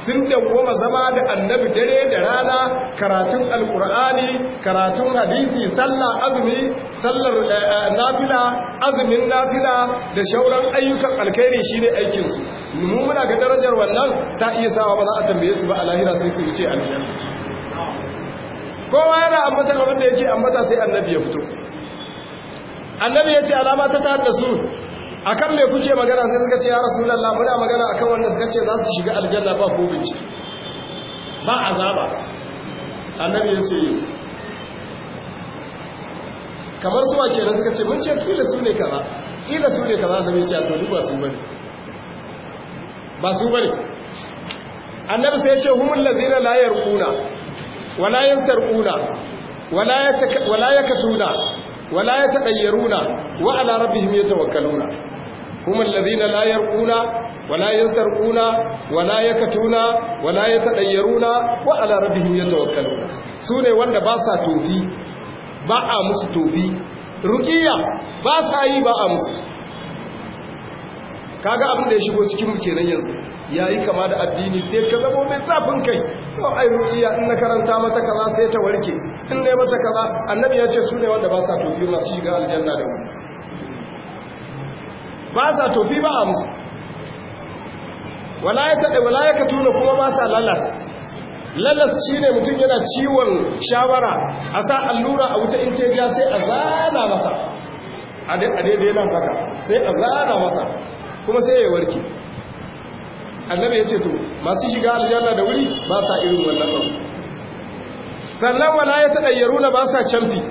sun dawoma zama da annabi dare da rana karatun alkur'ani karatun hadisi sallah azumi sallar eh, eh, nafila azumin nafila da shauran ayyukan alkhairi shine aikinsu mu muna ga darajar wannan ta iya sawa ba za a tambaye su ba a lahira sai su wuce aljanna kowa yana ambata abin da yake ambata sai annabi ya fito annabi ya ce alama ta tare da su kan me kuke magana sai suka ce ya rasulullah muna magana a kan wanda suka ce za su shiga aljanna ba ko bici ba azaba annabi ya ce kamar suwa ke da suka ce mun ce kila su ne kaza kila su ne kaza annabi mai ce a tori ba su bane ba su bane annabi sai ya ce humul ladzina la yarquna wala yansarquna wala yakatuna wala yatadayyaruna wa ala rabbihim yatawakkaluna hum alladhina la yarquna wala yansarquna wala yakatuna wala yatadayyaruna wa ala rabbihim yatawakkaluna sune wanda ba sa tofi ba a musu tofi ruqiya ba sa yi ba a musu kaga abin da ya shigo cikin mu kenan yanzu yayi kama da addini sai ka zabo mai zafin kai to ai ruqiya in na karanta mata kaza sai ta warke in dai mata kaza annabi ya ce sune wanda ba sa tofi masu shiga aljanna da wani ba sa tofi ba a musu wala ya taɗa wala ya kuma ba sa lalas lalas shi ne mutum yana ciwon shawara a sa allura a wuta in teja sai a zana masa a daidai nan haka sai a zana masa kuma sai ya warke annabi ya ce to masu shiga aljanna da wuri ba sa irin wannan abu sannan wala ya taɗayyaru na ba sa canfi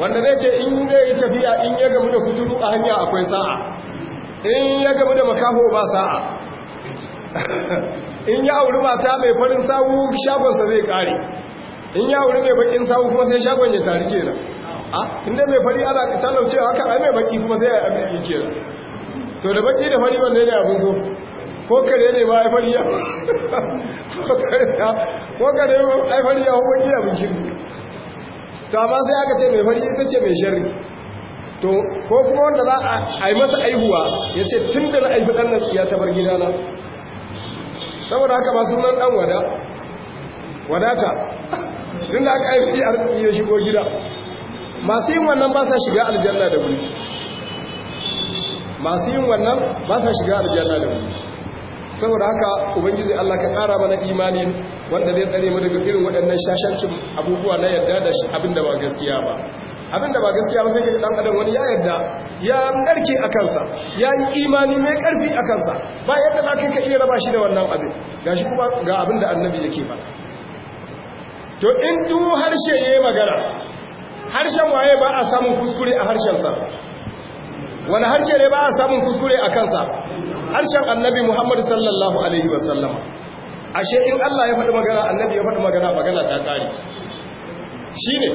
wanda zai ce in zai yi tafiya in ya gamu da kuturu a hanya akwai sa'a in ya gamu da makaho ba sa'a in ya auri mata mai farin sawu shagonsa zai kare in ya auri mai bakin sawu kuma sai shagon ya tari kenan a inda mai fari ana talaucewa haka ai mai baki kuma sai ya abin kenan to da baki da fari wanda ne abin so ko kare ne ba haifar ya ko kare haifar ya hukun yi abin shirki to amma sai aka ce mai fari ita ce mai shari to ko kuma wanda za a yi masa aihuwa ya ce tun da na aifi na nan ya tabar gidana saboda haka masu nan ɗan wada wadata tun da aka aifi arziki ya shigo gida masu yin wannan ba sa shiga aljanna da wuri masu yin wannan ba sa shiga aljanna da wuri saboda haka ubangiji Allah ka ƙara mana imani wanda zai tsare mu daga irin waɗannan shashancin abubuwa na yarda da abin da ba gaskiya ba abin da ba gaskiya ba sai ka dan adam wani ya yarda ya narke a kansa ya yi imani mai karfi a kansa ba yadda za ka iya raba shi da wannan abin gashi kuma ga abin da annabi yake ba to in du harshe yayi magana harshen waye ba a samun kuskure a harshen sa? wani harshe ne ba a samun kuskure a kansa harshen annabi muhammad sallallahu alaihi wasallama ashe in allah ya faɗi magana annabi ya faɗi magana magana ta ƙari shi ne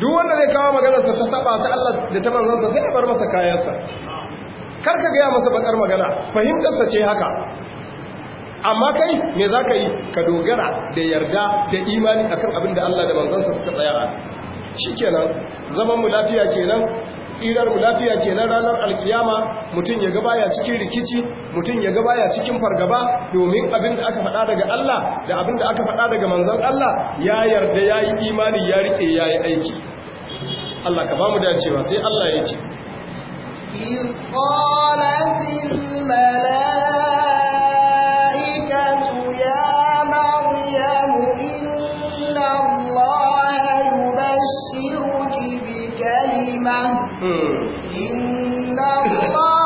duk wanda zai kawo sa ta saba ta allah da ta manzansa zai bar masa kayansa kar ka gaya masa bakar magana fahimtarsa ce haka amma kai me za ka yi ka dogara da yarda da imani a kan abin da allah da manzansa suka tsaya a shi kenan zaman mu lafiya kenan tsirar mu lafiya kenan ranar alkiyama mutum ya gaba ya cikin rikici mutum ya gaba ya cikin fargaba domin abin da aka faɗa daga Allah da abin da aka faɗa daga manzon Allah ya yarda ya yi imani ya rike ya yi aiki Allah ka ba mu dacewa sai Allah ya ce إن الله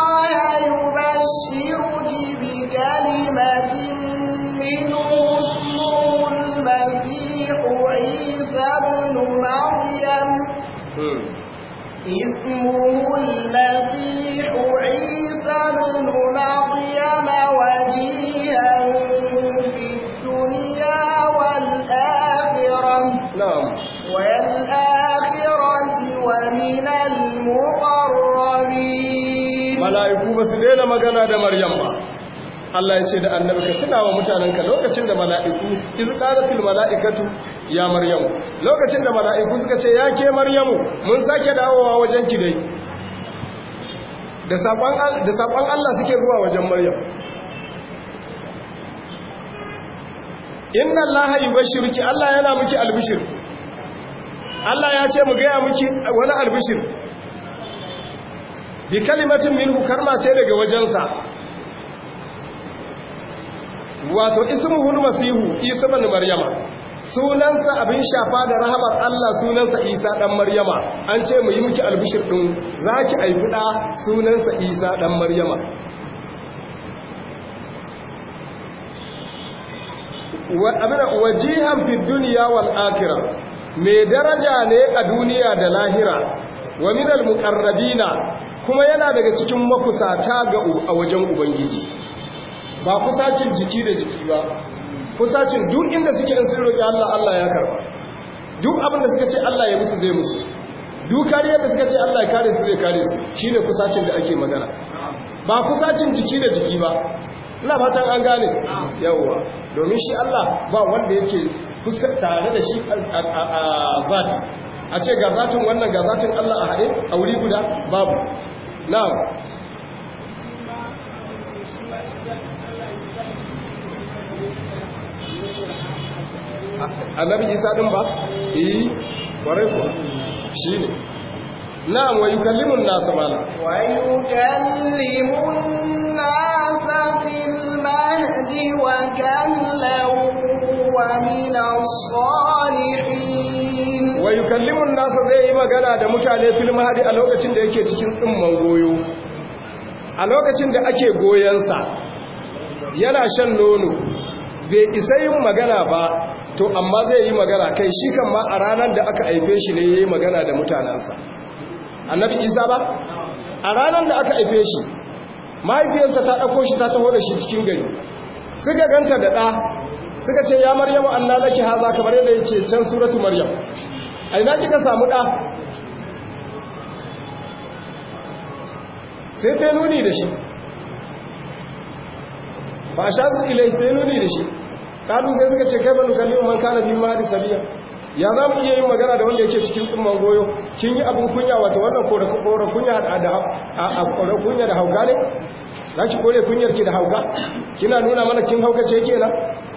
Allah ya ce da annabi ka tuna wa mutanenka lokacin da mala'iku iz qalatil mala'ikatu ya maryamu lokacin da mala'iku suka ce ya ke maryamu mun sake dawowa wajen ki dai da sakon da sakon Allah suke zuwa wajen maryam inna allaha yubashshiruki Allah yana miki albishir Allah ya ce mu gaya miki wani albishir bi kalimatin minhu karma ce daga wajensa wato ismuhul masihu isa maryama sunansa abin shafa da rahamar Allah sunansa Isa dan Maryama an ce mu yi miki albishir din zaki aifi da sunansa Isa dan Maryama wa amana wajihan fid dunya wal akhirah me daraja ne a duniya da lahira wa minal muqarrabina kuma yana daga cikin makusata ga a wajen ubangiji ba kusacin jiki da jiki ba kusacin duk inda suke in sun roƙi Allah Allah ya karba duk abin da suka ce Allah ya musu zai musu duk kariyar da suka ce Allah ya kare su zai kare su shine kusacin da ake magana ba kusacin jiki da jiki ba ina fatan an gane yawwa domin shi Allah ba wanda yake tare da shi a zati a ce ga zatin wannan ga zatin Allah a haɗe a wuri guda babu na'am annabi isa din ba eh bare ko shine na'am wa yukallimu an-nasa mala wa yukallimu an-nasa fil mahdi wa kallahu wa min as-salihin wa yukallimu an-nasa zai yi magana da mutane fil mahdi a lokacin da yake cikin tsumman goyo a lokacin da ake sa, yana shan nono bai isa yin magana ba to amma zai yi magana kai shi kan ma a ranar da aka haife shi ne yi magana da mutanensa annabi isa ba a ranar da aka haife shi mahaifiyarsa ta ɗauko shi ta taho da shi cikin gari suka ganta da ɗa suka ce ya maryamu anna laki haza kamar yadda ya ce can suratu maryam a ina kika samu ɗa sai ta nuni da shi fashe ilai sai nuni da shi kalu sai suka ce kai ba nukalli man kana bin mari sabiya ya za mu iya yin magana da wanda yake cikin kumman goyo kin yi abin kunya wata wannan kore kunya da a kore kunya da hauka ne za ki kore kunyar ki da hauka kina nuna mana kin hauka ce kenan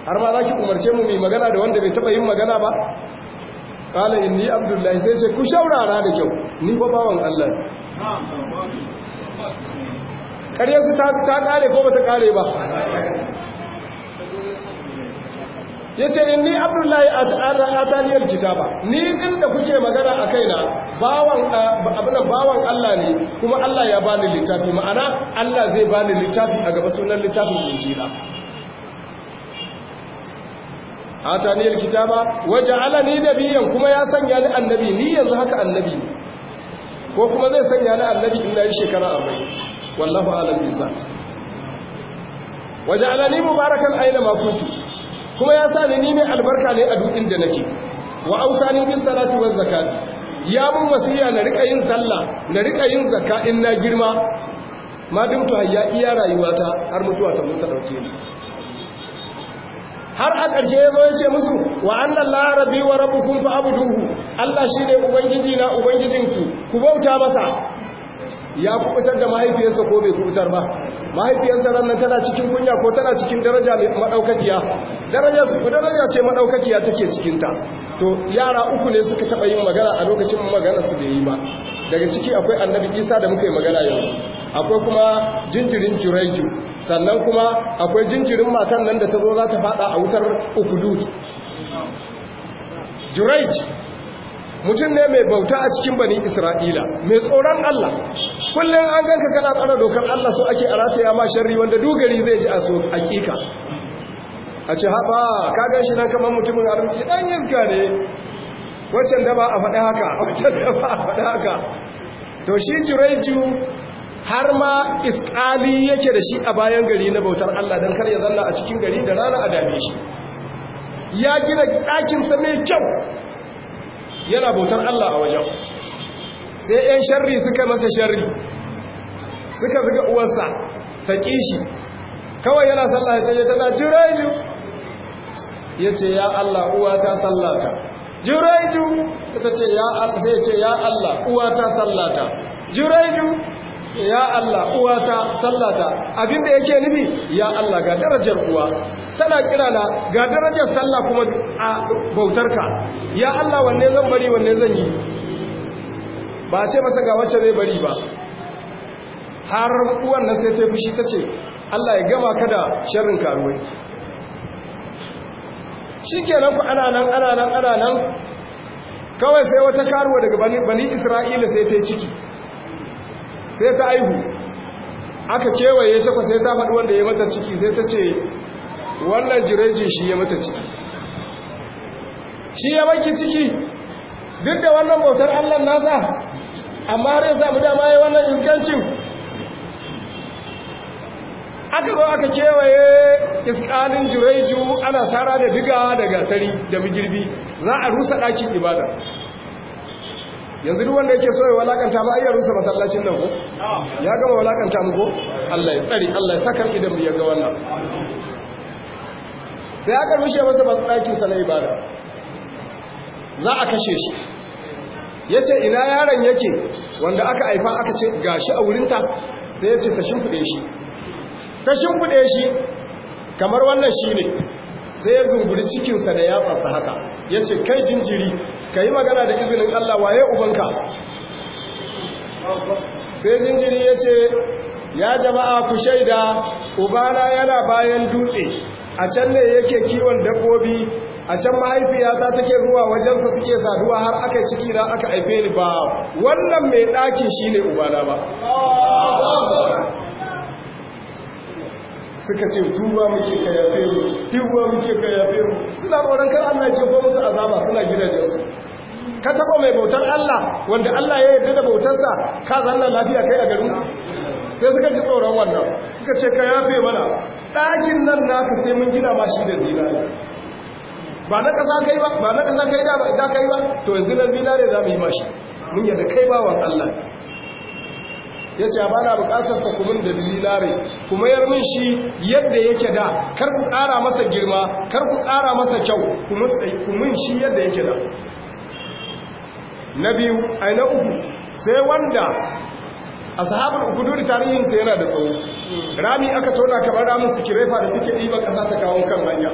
har ma za ki umarce mu mai magana da wanda bai taba yin magana ba kala inni abdullahi sai ce ku shaurara da kyau ni ba bawan Allah ƙaryar su ta kare ko ba ta kare ba ya ce in ni abdullahi a taniyar kitaba ni inda kuke magana a kaina na bawan Allah ne kuma Allah ya bani littafi ma'ana Allah zai bani littafi a gaba sunan littafin injila a taniyar kitaba waje ala ni nabiyan kuma ya sanya ni annabi ni yanzu haka annabi ko kuma zai sanya ni annabi in na yi shekara arba'in wallahu alam bi zat waje ala ni mubarakan aina ma kuma ya sa ni mai albarka ne a duk da nake wa ausani bis salati waz zakati ya mun wasiya na rika yin sallah na rika yin zakka in na girma ma to hayya iya rayuwata har mutuwa ta mun dauke ni har a ƙarshe ya zo ya ce musu wa annan rabbi wa rabbukum fa Allah shine ne ubangiji na ubangijinku ku bauta masa ya kubutar da mahaifiyarsa ko bai kubutar ba mahaifiyarsa nan tana cikin kunya ko tana cikin daraja mai madaukakiya Daraja su daraja ce madaukakiya take cikin ta to yara uku ne suka taba yin magana a lokacin magana su da yi ba daga ciki akwai annabi Isa da muka yi magana yau akwai kuma jinjirin Juraiju sannan kuma akwai jinjirin matan nan da ta zo za ta fada a wutar Ukudud Juraij mutum ne mai bauta a cikin bani isra'ila mai tsoron allah kullum an ganka kana tsara dokar allah so ake a rataya ma shari wanda dogari zai ji a so hakika a ce haɓa ka gan shi nan kamar mutumin arziki ɗan yanka ne waccan da ba a faɗi haka waccan da ba a faɗi haka to shi jiraiju har ma iskali yake da shi a bayan gari na bautar Allah don kar ya zanna a cikin gari da rana a dame ya gina ɗakinsa mai kyau yana bautar Allah a wajen sai ‘yan sharri suka masa sharri suka zuga uwarsa ta ƙishi kawai yana sallah ta yi tana jiraiju ya ce ya Allah uwa ta sallata jiraiju ta ce ya Allah uwa ta sallata jiraiju ya Allah uwa ta sallata abinda yake nufi ya Allah ga darajar uwa tana kira na ga darajar sallah kuma a bautarka ya Allah wanne zan bari wanne zan yi ba ce masa ga wacce zai bari ba har uwan nan sai ta fushi tace Allah ya gama ka da sharrin karuwai nan ku ana nan ana nan ana nan kawai sai wata karuwa daga bani Isra'ila sai ta ciki sai ta aihu aka kewaye ta sai ta faɗi wanda ya mata ciki sai ta ce wannan jirejin shi ya mata ciki shi ya maki ciki duk da wannan bautar allon nasa amma har ya samu dama ya wannan iskancin aka zo aka kewaye iskanin jireju ana tsara da diga da gatari da bigirbi za a rusa ɗakin ibada yanzu duk wanda yake so ya walakanta ba iya rusa masallacin nan ko ya gama walakanta mu ko Allah ya tsari Allah ya sakar idan mu ya ga wannan sai aka rushe masa masu ɗakinsa na ibada za a kashe shi ya ce ina yaron yake wanda aka haifa aka ce shi a wurinta sai ya ce ta shimfiɗe shi ta shimfiɗe shi kamar wannan shi ne sai ya zunguri cikinsa da ya fasa haka ya ce kai jinjiri ka yi magana da izinin Allah waye ubanka sai jinjiri ya ce ya jama'a ku shaida ubana yana bayan dutse a can ne yake kiwon dabbobi a can mahaifiyata take wajen wajensa suke saduwa har aka ciki na aka haife ni ba wannan mai ɗakin shi ne ubana ba suka ce tuba muke ka yafe mu tuba muke ka yafe mu suna tsoron kar Allah ya ko musu azaba suna su. ka taba mai bautar Allah wanda Allah ya yarda da bautarsa ka zanna lafiya kai a garin sai suka ji tsoron wannan suka ce ka yafe mana ɗakin nan naka sai mun gina ba shi da zinare ba na ƙasa kai ba ba na ƙasa kai da ba ita kai ba to yanzu na zinare za mu yi mashi mun yadda kai bawan Allah ya ce ba na sa sakumin da zinare kuma yar min shi yadda yake da kar ku ƙara masa girma kar ku ƙara masa kyau kuma shi yadda yake da na biyu ai na uku sai wanda a sahabar tarihin tarihinsa yana da tsawo rami aka tona kamar ramin sikirefa da suke ɗiban ƙasa ta kawon kan hanya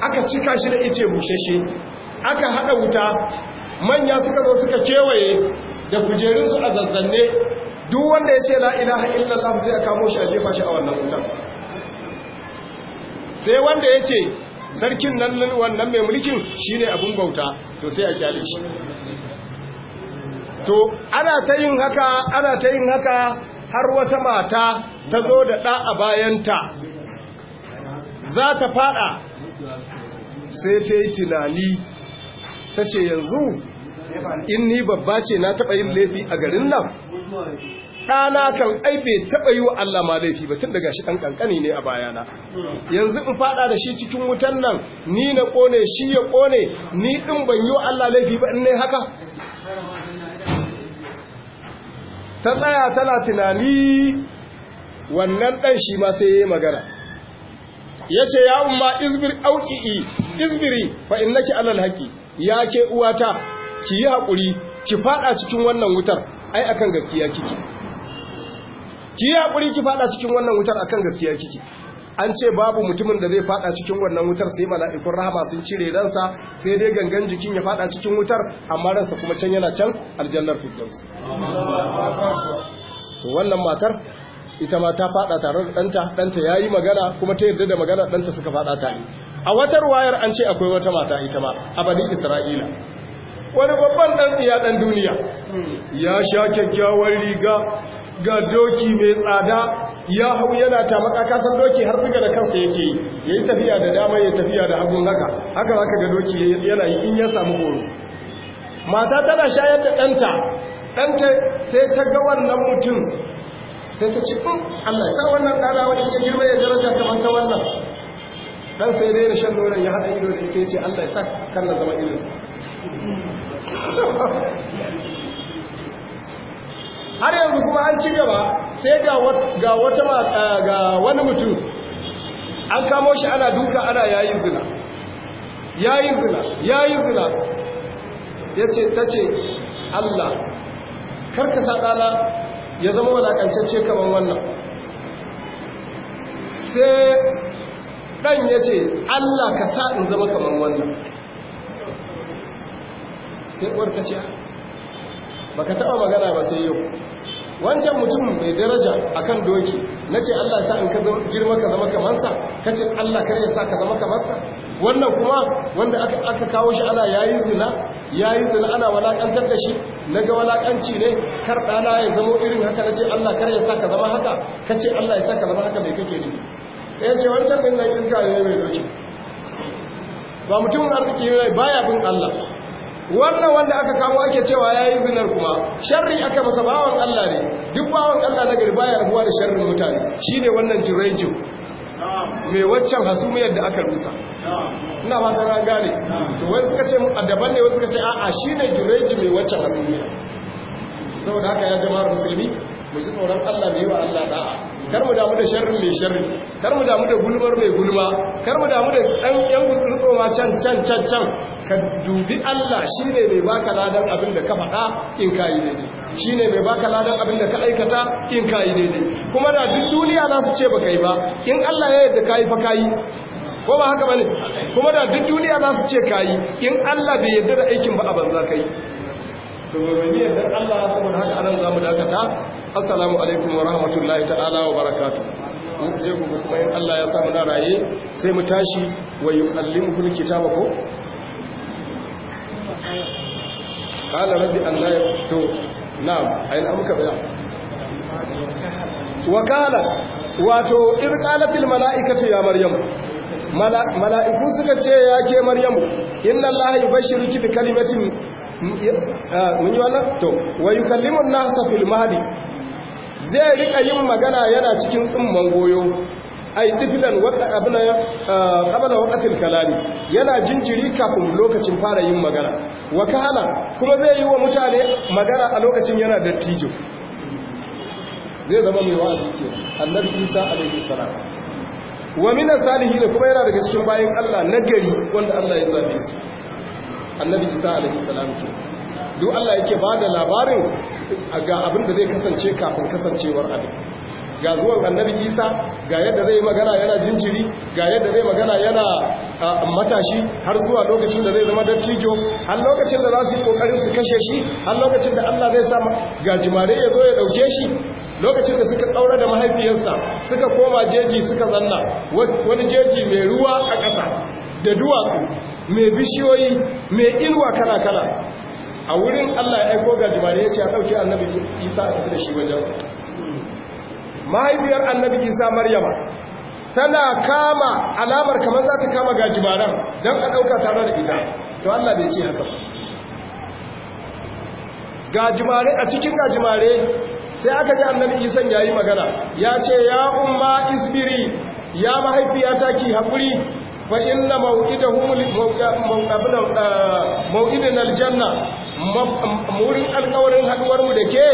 aka cika shi da ice bushashe aka haɗa wuta manya suka zo suka kewaye da kujerunsu a zazzanne duk wanda ya ce la'ilaha lafi sai a kamo shi a jefa shi a wannan wutan sai wanda ya ce sarkin nan wannan mai mulkin shi ne abin bauta to sai a kyale shi to ana ta yin haka ana ta yin haka har wata mata ta zo da ɗa a bayanta za ta faɗa sai ta yi tunani ta ce yanzu in ni babba ce na taɓa yin laifi a garin nan ɗana kan aibe taɓa yi wa Allah ma laifi ba tun daga shi ɗan ƙanƙani ne a bayana yanzu in faɗa da shi cikin wutan nan ni na ƙone shi ya ƙone ni ɗin ban yi wa Allah laifi ba in ne haka ta tsaya tana tunani wannan ɗan shi ma sai ya yi magana ya ce ya umma izbir auki'i izbiri fa naki alal haƙi ya ke uwata ki yi haƙuri ki faɗa cikin wannan wutar ai akan gaskiya kike ki yi haƙuri ki faɗa cikin wannan wutar akan gaskiya kike an ce babu mutumin da zai fada cikin wannan wutar sai mala'ikun rahama sun cire ransa sai dai gangan jikin ya fada cikin wutar amma ransa kuma can yana can aljannar firdaus to wannan matar ita ma ta fada tare da danta danta yayi magana kuma ta yarda da magana danta suka fada tare a watar wayar an ce akwai wata mata ita ma a bani isra'ila wani babban dan iya dan duniya ya sha kyakkyawar riga ga doki mai tsada ya hau yana tamaka kasan doki har zuga da kansa yake yi ya yi tafiya da dama ya tafiya da hagun haka haka za ka ga doki yana yi in ya samu horo mata tana shayar da ɗanta ɗanta sai ta ga wannan mutum sai ta ce hmm, Allah ya sa wannan ɗana wani ya girma ya daraja kamar ta wannan dan sai dai da shan nonon ya haɗa ido da ita ce Allah ya sa kan na zama irinsa har yanzu kuma an ci gaba sai ga wata eh, ga wani mutum an kamo shi ana duka ana yayin zina yayin zina yayin zina yace tace Allah karka sa dana ya zama walakancacce kamar wannan sai dan ce Allah ka sa in zama kamar wannan sai uwar ta ce ka taɓa magana ba sai yau wancan mutum mai daraja akan doki na ce Allah sa in ka girma ka zama kamansa ka ce Allah kar ya sa ka zama kamansa wannan kuma wanda aka kawo shi ana yayi zina yayi zina ana walakantar da shi naga walakanci ne kar dana ya zama irin haka na ce Allah kar ya sa ka zama haka ka ce Allah ya sa ka zama haka mai kake ne ya ce wancan din nan in ne mai doki ba mutumin arziki ne baya bin Allah wannan wanda aka kamo ake cewa ya yi binar kuma sharri aka masa bawan Allah ne duk bawan Allah na gari baya rabuwa da sharrin mutane shi ne wannan jiraiju mai waccan hasumiyar da aka rusa ina ba ta gane to wani suka ce a daban ne wani suka ce a'a shi ne jiraiju mai waccan hasumiyar saboda haka ya jama'ar musulmi mai ji tsoron Allah mai wa Allah da'a kar mu damu da sharri mai sharri kar mu damu da gulmar mai gulma kar mu damu da dan yan ma can can can can ka dubi Allah shine mai baka ladan abin da ka faɗa in kai daidai shine mai baka ladan abin da ka aikata in kai daidai kuma da duk duniya za su ce baka yi ba in Allah ya yarda kai fa kai ko ba haka bane kuma da duk duniya za su ce yi, in Allah bai yarda da aikin ba a banza kai to domin yadda Allah saboda haka anan zamu dakata assalamu alaikum wa rahmatullahi ta'ala wa barakatuh mun je ku kuma in Allah ya samu na raye sai mu tashi wa yu'allimuhul kitaba ko qala rabbi an la to na'am ayin amuka baya wakala wato idh qalatil mala'ikatu ya maryam mala'iku suka ce ya ke maryamu inna allaha yubashshiruki bi kalimatin Ah, mun yi wannan to wa yukallimun nasa fil mahdi zai rika yin magana yana cikin tsumman goyo ai tiflan wata abuna ah, qabla waqtil kalami yana jinjiri kafin lokacin fara yin magana wa kana kuma zai yi wa mutane magana a lokacin yana dattijo zai zama mai wa'azi ke annabi Isa alaihi salam wa min salihin kuma yana daga cikin bayin Allah nagari wanda Allah ya zabe shi annabi isa alaihi salam ke duk Allah yake ba da labarin ga abin da zai kasance kafin kasancewar abin ga zuwan annabi isa ga yadda zai magana yana jinjiri ga yadda zai magana yana matashi har zuwa lokacin da zai zama dattijo har lokacin da za su yi kokarin su kashe shi har lokacin da allah zai sa ga jimare ya zo ya dauke shi lokacin da suka ɗaura da mahaifiyarsa suka koma jeji suka zanna wani jeji mai ruwa a ƙasa da duwatsu mai bishiyoyi mai inuwa kala-kala a wurin allah ya aiko ga jimare ya ce a ɗauki annabi isa a tafi da shi wajen mahaifiyar annabi isa maryama tana kama alamar kamar za ta kama ga don a ɗauka tare da ita to allah bai ce haka gajimare a cikin gajimare sai aka ji annabi Isa ya yi magana ya ce ya umma isbiri ya mahaifiyata ki haƙuri Fa فإن aljanna موئدنا الجنة مورين mu da ke.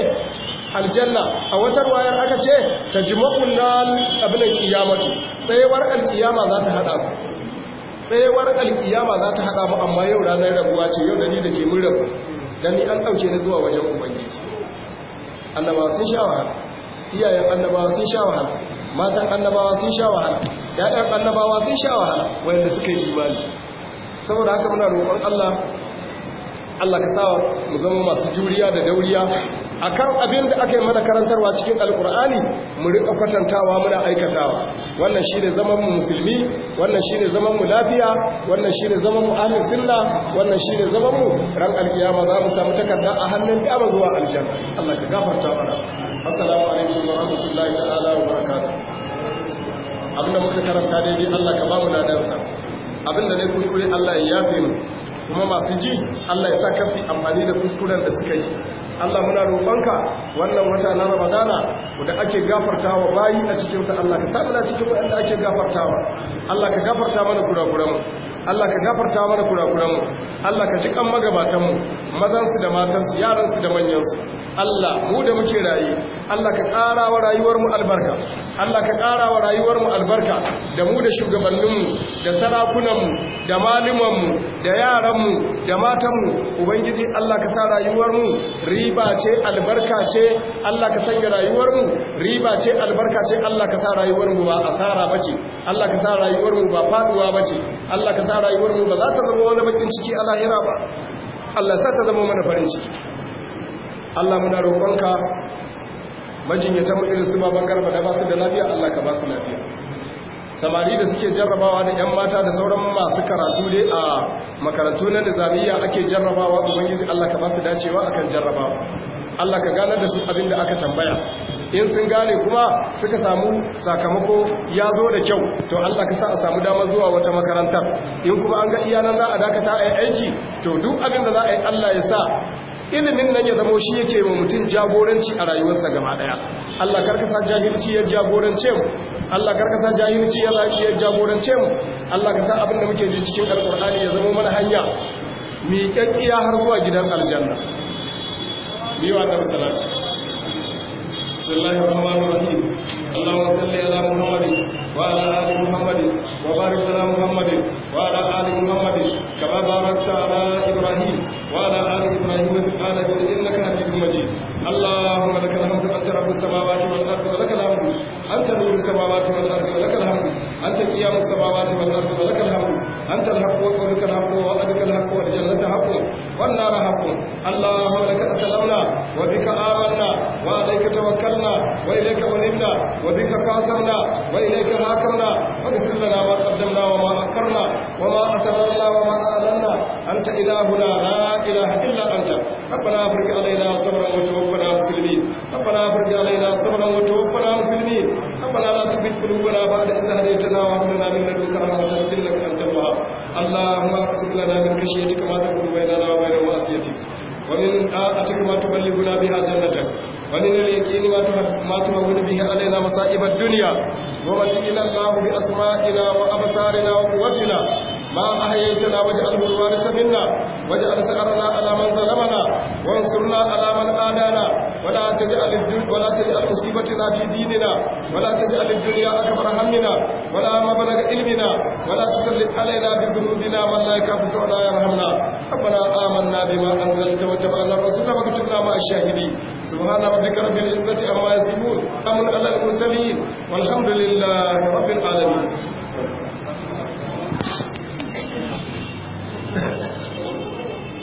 aljanna a wata ruwayar aka ce ta jima'un nan abin alkiyamatu tsayewar alkiyama za ta hada mu tsayewar alkiyama za ta hada mu amma yau ranar rabuwa ce yau da ni da ke mun rabu dan ni an dauke ni zuwa wajen ubangiji annabawa sun sha wahala iyayen annabawa sun sha wahala matan annabawa sun sha wahala ya'yan annabawa sun sha wahala wanda suka yi imani saboda haka muna roƙon Allah Allah ka sawa mu zama masu juriya da dauriya akan abin da aka yi mana karantarwa cikin alkur'ani mu riƙa kwatantawa muna aikatawa wannan shine zaman mu musulmi wannan shine zaman mu lafiya wannan shine zaman mu ahlus sunna wannan shine zaman mu ran alkiyama za mu samu takarda a hannun dama zuwa aljanna Allah ka gafarta mana assalamu alaikum wa rahmatullahi ta'ala wa barakatuh abinda muka karanta daidai Allah ka bamu ladansa abinda ne kuskure Allah ya yafe mu kuma masu ji Allah ya sa kasi amfani da kuskuren da suka yi Allah muna roƙonka wannan wata na Ramadana da ake gafartawa bayi a cikin sa Allah ka tabbata cikin wanda ake gafartawa Allah ka gafarta mana kurakuran mu Allah ka gafarta mana kurakuran Allah ka ji kan magabatan mu mazan su da matan su yaran su da manyan su Allah mu da muke raye Allah ka ƙara wa rayuwar mu albarka Allah ka ƙara wa rayuwar mu albarka da mu da shugabanninmu da sarakunanmu da malumanmu da yaranmu da matanmu ubangiji Allah ka sa rayuwar mu riba ce albarka ce Allah ka sanya rayuwar mu riba ce albarka ce Allah ka sa rayuwar mu ba asara bace Allah ka sa rayuwar mu ba faduwa bace Allah ka sa rayuwar mu ba za ta zama wani bakin ciki a lahira ba Allah za ta zama mana farin ciki Allah muna roƙonka majinyatan mu irin su baban garba da ba su da lafiya Allah ka ba su lafiya samari da suke jarrabawa da yan mata da sauran masu karatu dai a makarantu na nizamiya ake jarrabawa ubangiji Allah ka ba su dacewa akan jarrabawa Allah ka ganar da su abin da aka tambaya in sun gane kuma suka samu sakamako ya zo da kyau to Allah ka sa a samu damar zuwa wata makarantar in kuma an ga iya nan za a dakata a yi aiki to duk abin da za a yi Allah ya sa ilimin nan ya zamo shi yake wa mutum jagoranci a rayuwarsa gaba daya Allah karkasa jahilci ya jagorance mu Allah karkasa jahilci ya ya jagorance mu Allah ka sa abin da muke ji cikin alkur'ani ya zama mana hanya Mi kakkiya har zuwa gidan aljanna biyu a salati بسم الله الرحمن الرحيم اللهم صل على محمد وعلى ال محمد وبارك على محمد وعلى ال محمد كما باركت على ابراهيم وعلى ال ابراهيم في العالمين انك حميد مجيد اللهم لك الحمد انت رب السماوات والارض ولك الحمد انت نور السماوات والارض ولك الحمد أنت قيام السماوات والأرض ولك الحمد أنت الحق ولك الحق ووعدك الحق والجنة حق والنار حق اللهم لك أسلمنا وبك آمنا وعليك توكلنا وإليك منبنا وبك كاسرنا وإليك هاكرنا فاغفر لنا ما قدمنا وما أكرنا وما أسررنا وما أعلنا أنت إلهنا لا إله إلا أنت ربنا أفرج علينا صبرا وتوفنا مسلمين ربنا أفرج علينا صبرا وتوفنا مسلمين ولا لا تزغ قلوبنا بعد إذ هديتنا وهب لنا من لدنك رحمة إنك أنت الوهاب اللهم اقسم لنا من خشيتك ما تقول بيننا وبين معصيتك ومن طاعتك ما تبلغنا بها جنتك ومن اليقين ما تهون به علينا مصائب الدنيا ومتئنا الله بأسمائنا وأبصارنا وقوتنا ما أحييتنا واجعله الوارث منا واجعل سعرنا على من ظلمنا وانصرنا على من آدانا ولا تجعل ولا تجعل مصيبتنا في ديننا ولا تجعل الدنيا أكبر همنا ولا مبلغ علمنا ولا تسلط علينا بذنوبنا من لا يكافئك ولا يرحمنا ربنا آمنا بما أنزلت واتبعنا الرسول وكتبنا مع الشاهدين سبحان ربك رب العزة عما يصفون أمن على المرسلين والحمد لله رب العالمين